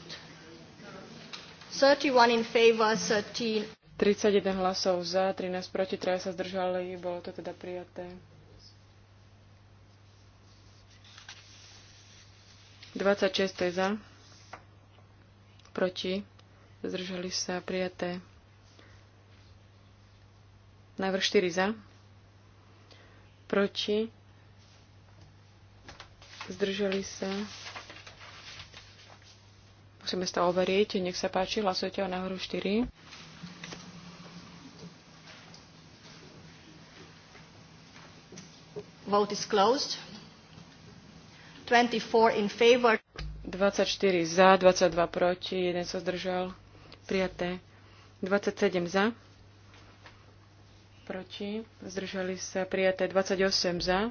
31 in favor, 13. 31 hlasov za, 13 proti, 3 sa zdržali, bolo to teda prijaté. 26 je za, proti, zdržali sa, prijaté. Návrh 4 za, proti, zdržali sa. Musíme sa overiť. Nech sa páči, hlasujte o nahoru 4. Vote is closed. 24 in favor. 24 za, 22 proti, jeden sa zdržal. Prijaté. 27 za, proti, zdržali sa prijaté 28 za,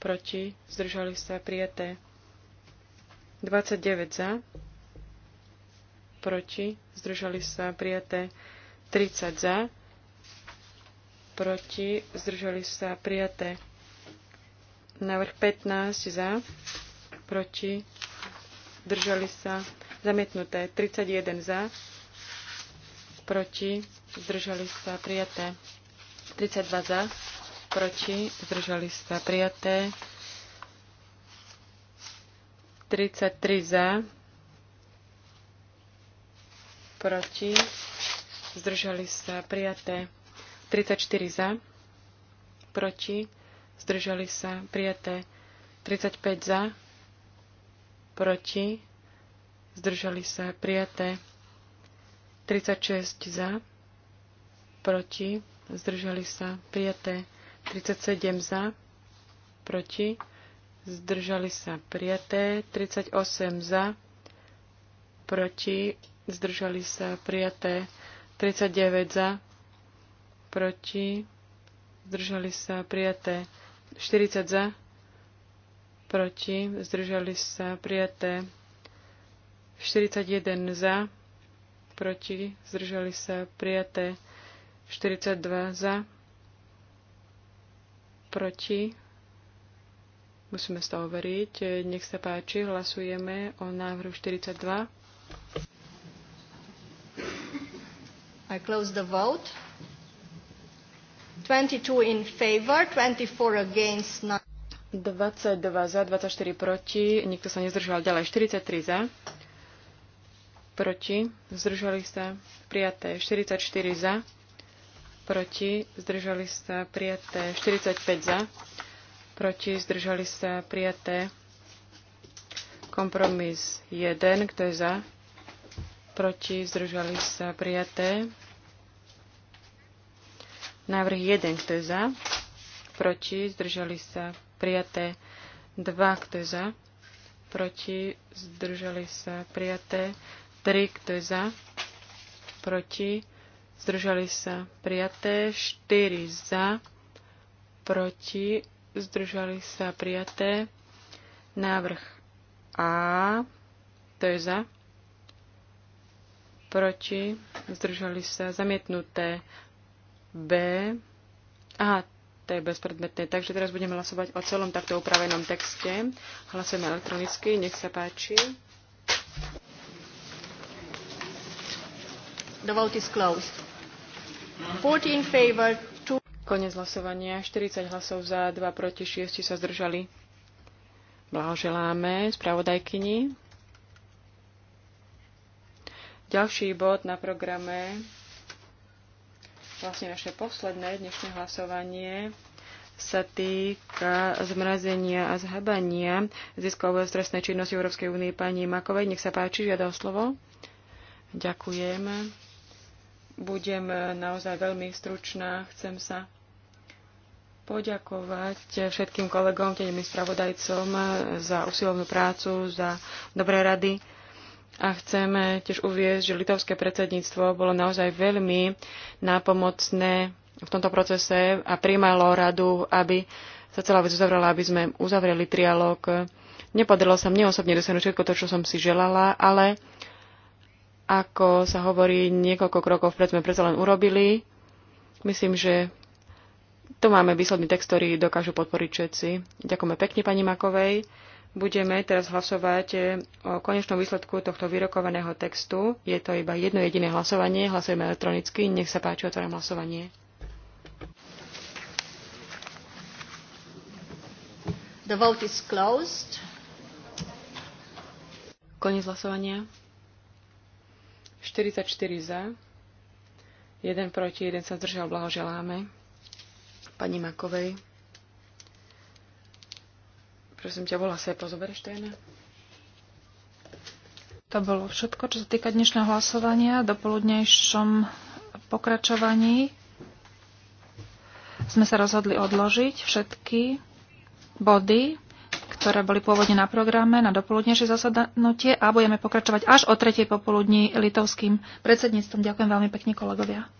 proti, zdržali sa prijaté. 29 za, proti, zdržali sa prijaté. 30 za, proti, zdržali sa prijaté. Návrh 15 za, proti, zdržali sa zamietnuté. 31 za, proti, zdržali sa prijaté. 32 za, proti, zdržali sa prijaté. 33 za, proti, zdržali sa prijaté. 34 za, proti, zdržali sa prijaté. 35 za, proti, zdržali sa prijaté. 36 za, proti, zdržali sa prijaté. 37 za, proti, zdržali sa prijaté, 38 za, proti, zdržali sa prijaté, 39 za, proti, zdržali sa prijaté, 40 za, proti, zdržali sa prijaté, 41 za, proti, zdržali sa prijaté, 42 za, proti. Musíme z toho overiť. Nech sa páči, hlasujeme o návrhu 42. I close the vote. 22 in favor, 24 against, 22 za, 24 proti, nikto sa nezdržal ďalej, 43 za, proti, zdržali sa, prijaté, 44 za, proti, zdržali sa prijaté 45 za, proti, zdržali sa prijaté kompromis 1, kto je za, proti, zdržali sa prijaté návrh 1, kto je za, proti, zdržali sa prijaté 2, kto je za, proti, zdržali sa prijaté 3, kto je za, proti, zdržali sa prijaté, 4 za, proti, zdržali sa prijaté, návrh A, to je za, proti, zdržali sa zamietnuté, B, aha, to je bezpredmetné. Takže teraz budeme hlasovať o celom takto upravenom texte. Hlasujeme elektronicky, nech sa páči. The vote is closed. Konec hlasovania. 40 hlasov za, 2 proti, 6 sa zdržali. Blahoželáme spravodajkyni. Ďalší bod na programe, vlastne naše posledné dnešné hlasovanie, sa týka zmrazenia a zhabania ziskového stresnej činnosti Európskej únie. Pani Makovej, nech sa páči, žiada o slovo. Ďakujem. Budem e, naozaj veľmi stručná. Chcem sa poďakovať všetkým kolegom, tým spravodajcom e, za usilovnú prácu, za dobré rady. A chcem e, tiež uviezť, že litovské predsedníctvo bolo naozaj veľmi nápomocné v tomto procese a príjmalo radu, aby sa celá vec uzavrela, aby sme uzavreli trialóg. Nepodarilo sa mne osobne dosiahnuť všetko to, čo som si želala, ale ako sa hovorí, niekoľko krokov pred sme predsa len urobili. Myslím, že tu máme výsledný text, ktorý dokážu podporiť všetci. Ďakujeme pekne pani Makovej. Budeme teraz hlasovať o konečnom výsledku tohto vyrokovaného textu. Je to iba jedno jediné hlasovanie. Hlasujeme elektronicky. Nech sa páči, otváram hlasovanie. The vote is closed. Koniec hlasovania. 44 za, 1 proti, 1 sa zdržal, blahoželáme pani Makovej. Prosím ťa, volá sa aj pozoberieš to To bolo všetko, čo sa týka dnešného hlasovania. Do poludnejšom pokračovaní sme sa rozhodli odložiť všetky body ktoré boli pôvodne na programe na dopoludnejšie zasadnutie a budeme pokračovať až o tretej popoludní litovským predsedníctvom. Ďakujem veľmi pekne kolegovia.